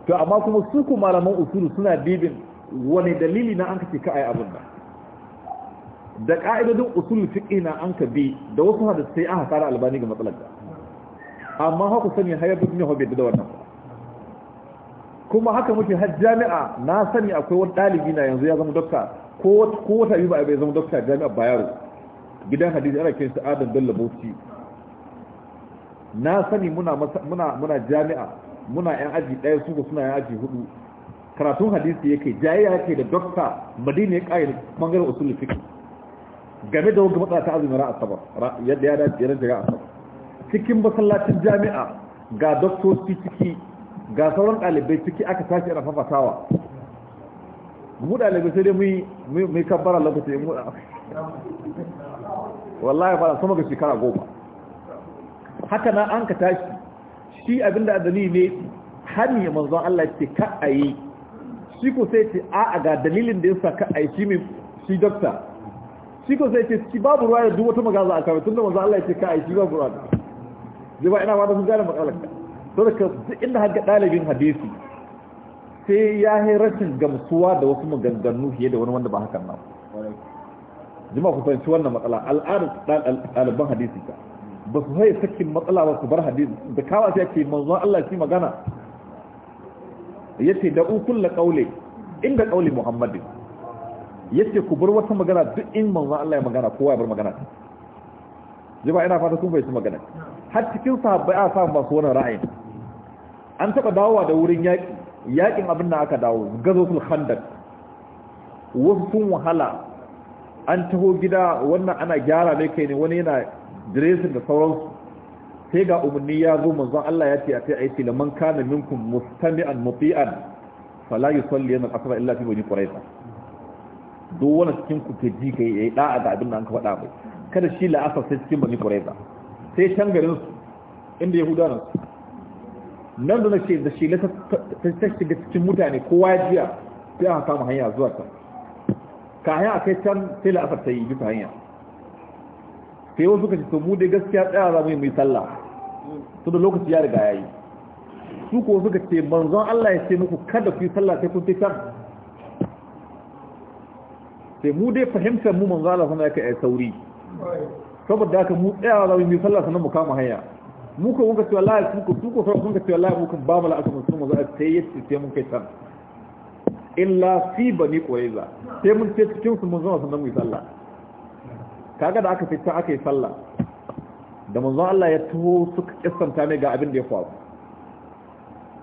to amma kuma su ku malaman usulu suna bibin wani dalili na an kace ka ai abun nan da ka'idodin usul fiqh na an ka bi da wasu hadisi sai aka fara albani ga matsalar amma haku sani hayar duk ne bai da wannan kuma haka muke har jami'a na sani akwai wani dalibi na yanzu ya zama dokta ko wata biyu ba bai zama dokta jami'a yaro gidan hadisi ana kiran su adam bello bauchi na sani muna muna jami'a muna yan aji ɗaya su suna yan aji hudu karatun hadisi yake jayayya yake da dokta madina ya kai bangaren usul fiqh game da wani matsala ta azumi ra'a sabar yadda ya da ya jira cikin masallacin jami'a ga doktoci ciki ga sauran ɗalibai ciki aka tashi ana fafatawa mu ɗalibai sai dai mu yi kabbara lokaci mu wallahi ba sama ga shekara goma haka na an ka tashi shi abinda adali ne hani ya manzon Allah ce ka a yi shi ko sai ce a ga dalilin da yasa ka a yi shi mai shi dokta shi ko sai ce shi babu ruwa da duk wata magaza a kawai tun da manzon Allah ce ka a yi shi babu ruwa jama'a ina ma da gane matsalarka ka to da inda haka dalibin hadisi sai ya yi rashin gamsuwa da wasu maganganu fiye da wani wanda ba hakan nan jima ku fahimci wannan matsala al'adar ɗaliban hadisi ka ba su haye sakin matsala ba su bar hadisi da kawa sai ake manzo Allah shi magana yace da ukul la qauli inda qauli muhammadin yace ku bar wata magana duk in manzo Allah ya magana kowa ya bar magana jama'a ina fata kun fahimci magana har cikin sahabbai a samu masu wani ra'ayin an taɓa dawowa da wurin yaƙi yaƙin abin da aka dawo sul khandak wasu sun wahala an taho gida wannan ana gyara ne kai ne wani yana dressing da sauransu sai ga umarni ya zo manzon Allah ya ce a kai aiki man kana minkum mustami'an muti'an fala yusalli yana asra illa fi bani quraiza duk wani cikin ku ke ji kai yayi da'a ga abin da an ka faɗa mai kada shi la'asar sai cikin bani quraiza sai can garin su inda yahuda nan su nan da nace da shela ta shiga cikin mutane kowa ya jiya sai aka kama hanya zuwa ta ka hanya a kai can sai la'asar ta yi bisa hanya sai wasu kashi su mu dai gaskiya tsaya za mu yi mai sallah su da lokaci ya riga ya yi. su ko suka ce manzon Allah ya ce muku kada ku yi sallah sai kun tsaya sai mu dai fahimtar mu manzon Allah sun ya kai sauri saboda haka mu tsaya za mu yi sallah sannan mu kama hanya mu ko muka ce wallahi su ko su ko sun ka ce wallahi mu kan ba mu la'aka mu mu za a sai yace sai mun kai can illa fi bani quraiza sai mun ce cikin su mun zama sannan mu yi sallah kaga da aka fita aka yi sallah da manzo Allah ya tuwo suka kissanta ne ga abin da ya faru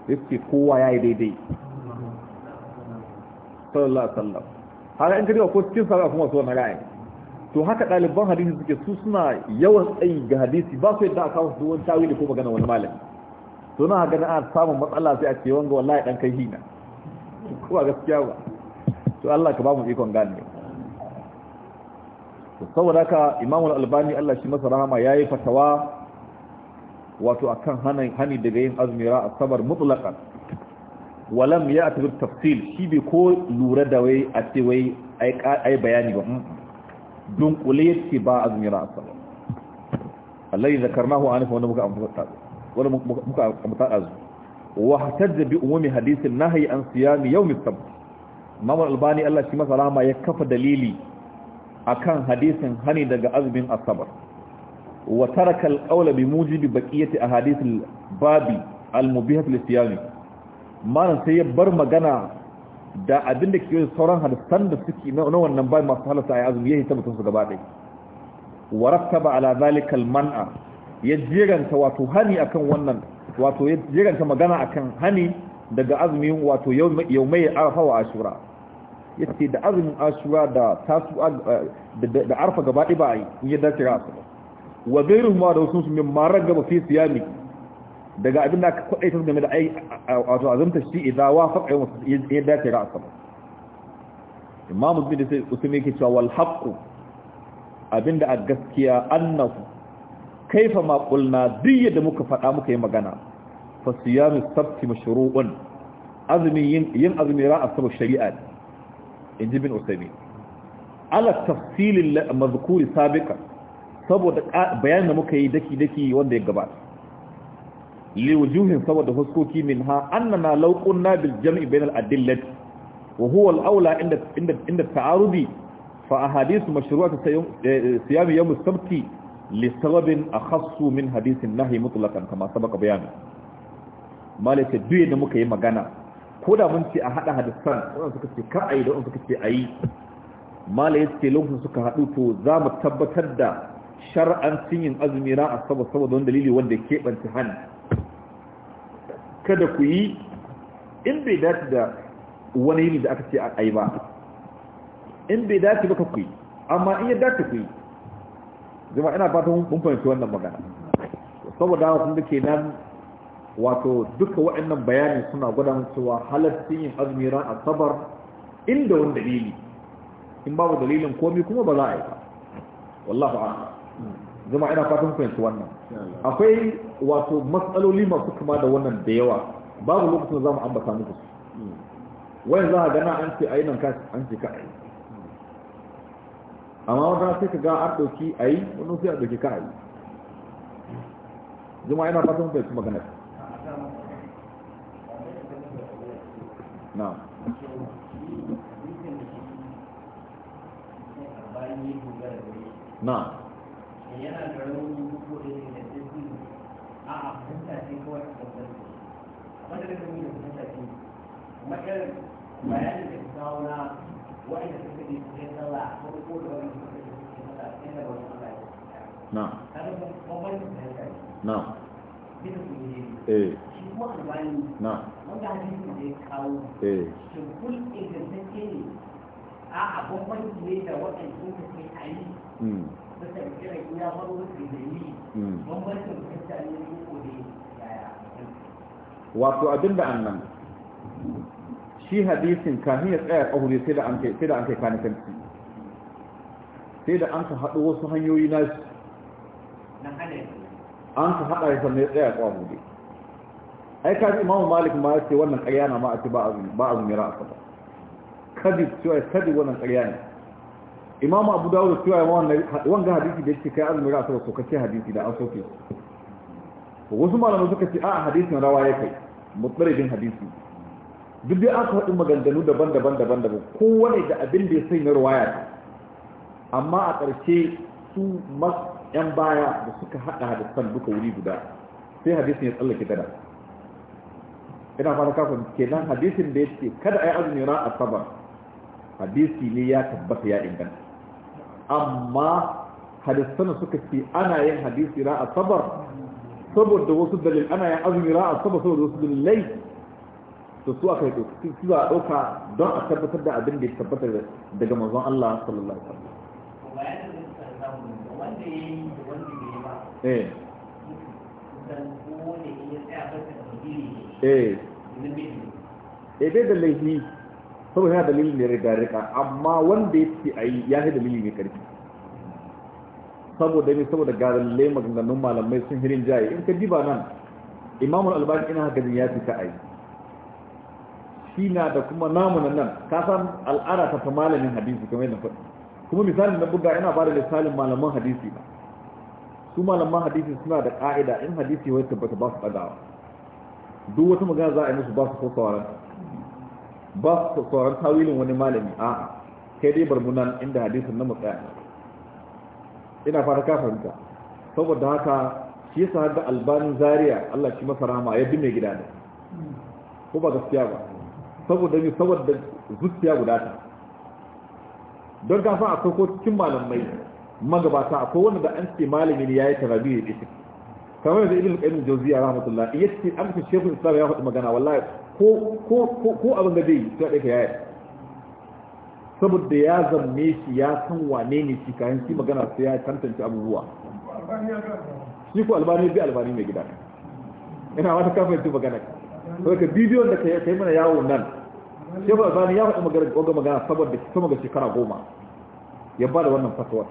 yake kowa yayi daidai sallallahu alaihi wasallam har an kaje ko cikin sallah kuma so na ra'ayi to haka ɗaliban hadisi suke su suna yawan tsayi ga hadisi ba su yadda a kawo su wani tawili ko magana wani malami to na haka na samun matsala sai a ce wanga wallahi dan kai hina ko a gaskiya ba to Allah ka ba mu ikon gane to saboda haka Imam Al-Albani Allah shi masa rahama yayi fatawa wato akan hanin hani daga yin azumi ra'a asabar mutlaqan walam ya'ti bil tafsil shi bi ko lura da wai a ce wai ai bayani ba dunkule yake ba azumi ran asabar alladhi zakarnahu anifa wanda muka ambata wanda muka amfata azu wa hatajja bi umumi hadith an-nahy an siyam yawm as-sabt mamar Albani Allah shi masa rahama ya kafa dalili akan hadisin hani daga azumin asabar wa taraka al-qawla bi mujibi baqiyati ahadith al-babi al-mubihah li siyam malan sai ya bar magana da abin da ke sauran hadisan da suke na wannan bai masu halasta yi azumi ya ta mutum su gaba ɗai warafta ba ala zalika mana ya jiranta wato hani akan wannan wato ya jiranta magana akan hani daga azumin wato yaumai arfa wa ashura ce da azumin ashura da tasu da arfa gaba ɗai ba yi in yadda dace ra su wa gairu ma da wasu min ma ragaba fi siyami daga abin da aka ta game da ai wato azumta shi idan wa faqa yawm ya dace da asaba imamu bin sai usmi yake cewa wal haqqu abinda a gaskiya annahu kaifa ma qulna diyya da muka faɗa muka yi magana fa siyamu sabti mashru'un yin yin azmi ra'a sabu shari'a inji bin usmi ala tafsilil madhkuri sabiqan saboda bayanin da muka yi daki daki wanda ya gabata liwujuhin saboda huskoki min ha annana lauƙun na bil jam'i bainal adillat wa huwa al'aula inda inda inda ta'arudi fa hadisu mashru'a ta siyam yawm as-sabti li sababin akhassu min hadith an-nahy mutlaqan kama sabaka bayani malaka duye da muka yi magana ko da mun ce a haɗa hadisan wannan suka ce kan ayi da wannan suka ce ayi mala yace lokacin suka haɗu to za mu tabbatar da shar'an cin yin azumi ra'a saboda wani dalili wanda ke banta hannu kada ku yi in bai dace da wani yini da aka ce a ba in bai dace baka ku yi amma in ya dace ku yi zama ina ba ta mun fahimci wannan magana saboda wasu da ke nan wato duka wa'annan bayanin suna gudan cewa halattun yin azumi ran asabar inda wani dalili in babu dalilin komi kuma ba za a yi ba wallahu a'lam zama ina fatan fahimci wannan akwai wato matsaloli masu kama da wannan da yawa babu lokacin za mu ambata muku su wayan za a gana an ce a yi nan kashi an ce ka yi amma wata sai ka ga an ɗauki a yi wani sai a ɗauki ka a juma'a yana fatan bai kuma ganar na na yana kamar waɗanda da wato abin shi hadisin kafin ya tsaya ƙahuri sai da an kai sai da an kai sai da an ka haɗu wasu hanyoyi na shi an ka haɗa ya sannan ya tsaya ƙahuri ai kaji imamu malik ma ya ce wannan ƙarya na ma a ba a zumira a saba kadi cewa kadi wannan ƙarya ne imamu abu dawud cewa wanga hadisi da yake kai azumi ra'asa ko kace hadisi da an soke wasu malamai suka ce a hadisin rawa ya kai mutsarabin hadisi duk dai aka faɗi maganganu daban-daban daban-daban kowane da abin da ya sanya ruwaya amma a ƙarshe su mas yan baya da suka haɗa hadisan duka wuri guda sai hadisin ya tsallake gada ina fara kafin kenan hadisin da ya ce kada a yi azumi ran asabar hadisi ne ya tabbata ya inganta amma hadisan suka ce ana yin hadisi ran asabar saboda wasu dalil ana yin azumi ran asabar saboda wasu dalilai to su aka yi su a ɗauka don a tabbatar da abin da ya tabbatar daga manzon Allah sallallahu alaihi wasallam eh eh eh bai da laifi saboda yana dalilin ne riga riga amma wanda ya ce ayi ya yi dalili ne karfi saboda ne saboda garin lemar maganganun malamai sun hirin jaye in ka diba nan imamul albani ina haka ya fi ka ayi shi da kuma namuna nan ka san al'ada ta malamin hadisi kamar yadda faɗi kuma misalin na buga yana bada misalin malaman hadisi ba su malaman hadisi suna da ƙa'ida in hadisi wai tabbata ba su ɗagawa duk wata magana za a yi musu ba su sauran ba su sauran tawilin wani malami a kai dai barbunan inda hadisin na matsaya ina fata ka fahimta saboda haka shi yasa da albanin zaria Allah shi masa rahama ya bi mai gida ne ko ba gaskiya ba saboda mai saboda zuciya guda ta don gafa a ko cikin malamai magabata ko wanda da an ce malamin ya yi tarabi ya ce kamar da ibn qayyim jawziya rahmatullah ya ce an ce shehu islam ya faɗi magana wallahi ko ko ko abin da zai to da yaya saboda ya zamme shi ya san wane ne shi kayan shi magana sai ya tantance abubuwa shi ko albani bi albani mai gida ina wata kafin magana saboda bidiyon da ka yi mana yawo nan ba zani ya faɗi magana ga magana saboda sama ga shekara goma ya ba da wannan fatawar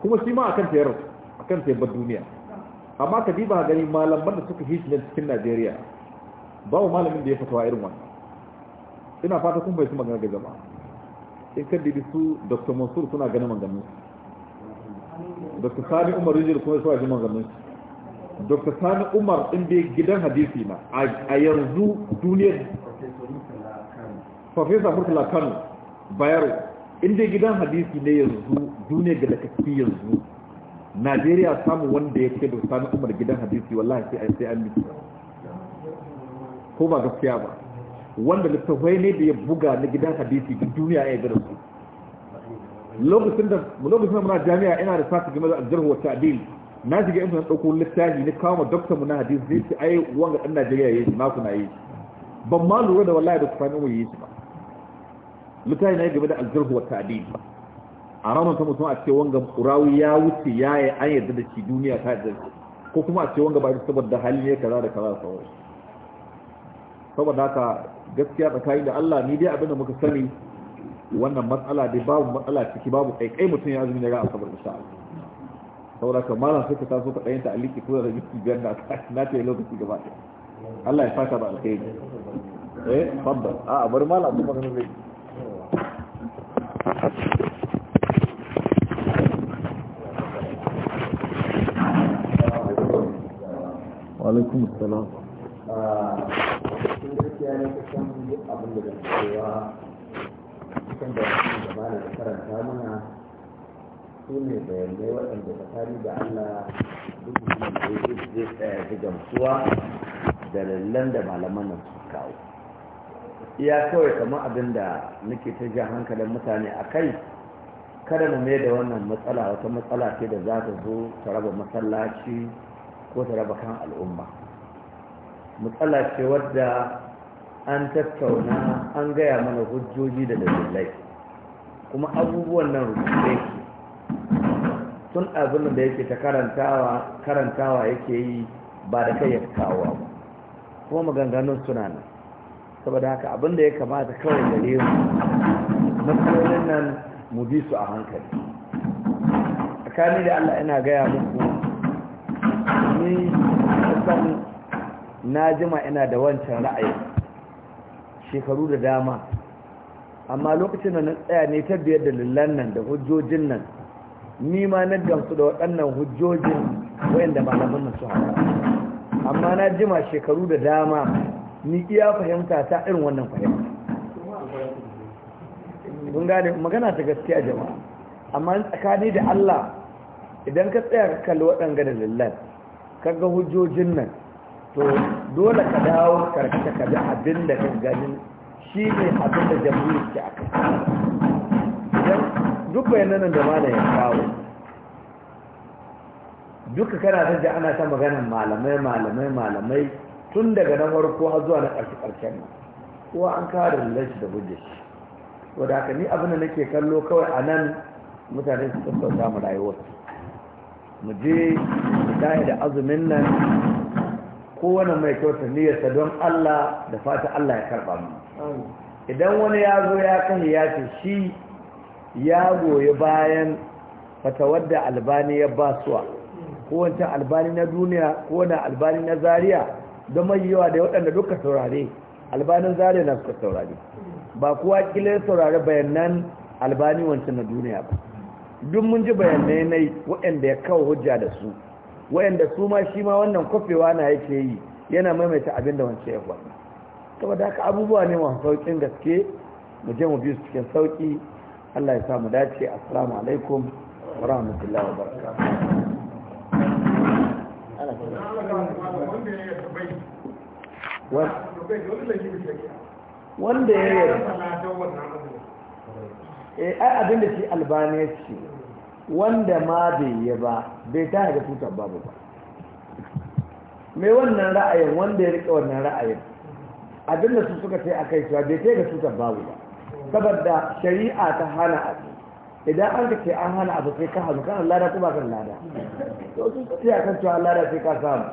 kuma shi ma akan tayar akan tayar duniya amma ka diba gani malaman da suka hishi cikin Najeriya babu malamin da ya fatuwa irin wannan ina fata kun bai su magana ga jama'a in kan dibi su Dr. Mansur suna ganin maganin su Dr. Sani Umar Rijil kuma suna ganin maganin su dr sani umar ɗin dai gidan hadisi na a yanzu duniyar farfesa murtala kano bayero in dai gidan hadisi ne yanzu duniyar da fi yanzu najeriya samun wanda ya ce dr sani umar gidan hadisi wallahi sai an biki ko ba gaskiya ba wanda littafai ne da ya buga na gidan hadisi duk duniya ya gada su lokacin da muna jami'a ina da su game da aljihar wata ta'adil na shiga inda na ɗauko littafi na ma dokta mu na hadis zai ce ai wanga ɗan najeriya ya yi naku na yi ban ma lura da wallahi da su sami mai yi shi ba littafi na yi game da aljirhu wata adini a ranar ta mutum a ce wanga kurawu ya wuce ya yi an yarda da shi duniya ta yarda ko kuma a ce wanga ba shi saboda hali ne kaza da kaza da sauran saboda haka gaskiya tsakani da Allah ni dai abin da muka sani wannan matsala dai babu matsala ciki babu kai kai mutum ya azumi da ra'a saboda insha sauraka ka mala ka taso ta ɗayan ta'aliki ko da miki biyar na na ta lokaci gaba Allah ya fata da alkhairi eh fadda a bari mala kuma magana zai wa alaikum assalam ah, cikin da da karanta mana su ne bayanai waɗanda ta tsakani da allah duk mutum zai tsaya ta gamsuwa da lallan da malaman nan su kawo iya kawai kamar abin da nake ta jan hankalin mutane a kai kada mu mai da wannan matsala wata matsala ce da za ta zo ta raba masallaci ko ta raba kan al'umma matsala ce wadda an tattauna an gaya mana hujjoji da dalilai kuma abubuwan nan rubuce tun abin da yake ta karantawa karantawa yake yi ba da kai ya kawo ba kuma maganganun suna nan saboda haka abin da ya kamata kawai gare mu matsalolin nan mu bi su a hankali tsakani da Allah ina gaya muku ni kusan na jima ina da wancan ra'ayi shekaru da dama amma lokacin da na tsaya ne ta biyar da lullan nan da hujjojin nan ni ma na gamsu da waɗannan hujjojin wayanda malamin na su haɗa amma na jima shekaru da dama ni iya fahimta ta irin wannan fahimta mun gane magana ta gaskiya jama'a amma tsakani da Allah idan ka tsaya ka kalli waɗanga da lillan kaga hujjojin nan to dole ka dawo karkata ka bi abin da ka gani shi ne abin da jamhuriyar ke aka duk bayanan da malam ya kawo duka kana san da ana ta maganan malamai malamai malamai tun daga na farko har zuwa na ƙarshe ƙarshen nan kowa an kawo da da buje shi da haka ni abin da nake kallo kawai a nan mutane su sassauta mu rayuwar mu je mu da azumin nan kowane mai kyauta niyyarsa don Allah da fata Allah ya karɓa mu idan wani ya zo ya kan ya ce shi ya goyi bayan fatawar da albani ya ba suwa ko albani na duniya ko na albani na Zariya don mai yawa da waɗanda duka saurare albanin Zariya na suka saurare ba kuwa kila saurare bayanan albani wancan na duniya ba duk mun ji bayanai na waɗanda ya kawo hujja da su waɗanda su ma shi ma wannan kwafewa na yake yi yana maimaita abin da wancan ya faɗi saboda haka abubuwa ne masu sauƙin gaske mu je mu bi su cikin sauƙi Allah ya samu dace assalamu alaikum wa rahmatullahi wa barakatuh wanda ya yi eh ai abin da shi albani ya ce wanda ma bai yi ba bai ta daga tutar babu ba mai wannan ra'ayin wanda ya rike wannan ra'ayin abinda su suka ce a kai cewa bai ta ga tutar babu ba saboda shari'a ta hana abu idan an ka ce an hana abu sai ka hannu kan lada kuma kan lada to sun kace a kan cewa lada sai ka samu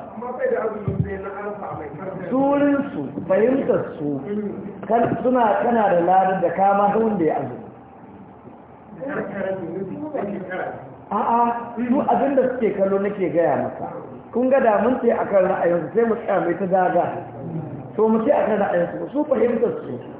surin su fahimtar su suna kana da ladar da kama ta wanda ya a a'a su abin da suke kallo nake gaya maka kun ga da mun ce akan ra'ayinsu sai mu tsaya mai ta daga to mu ce akan ra'ayinsu su fahimtar su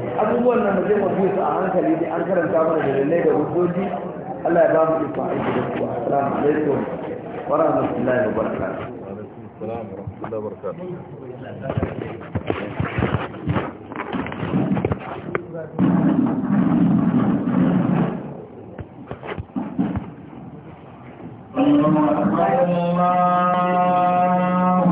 abubuwan nan mutum mafi su a hankali da an karanta mana da lalle da hujjoji Allah ya ba mu ikon aiki da kuwa assalamu alaikum wa rahmatullahi wa barakatuh السلام ورحمة الله وبركاته اللهم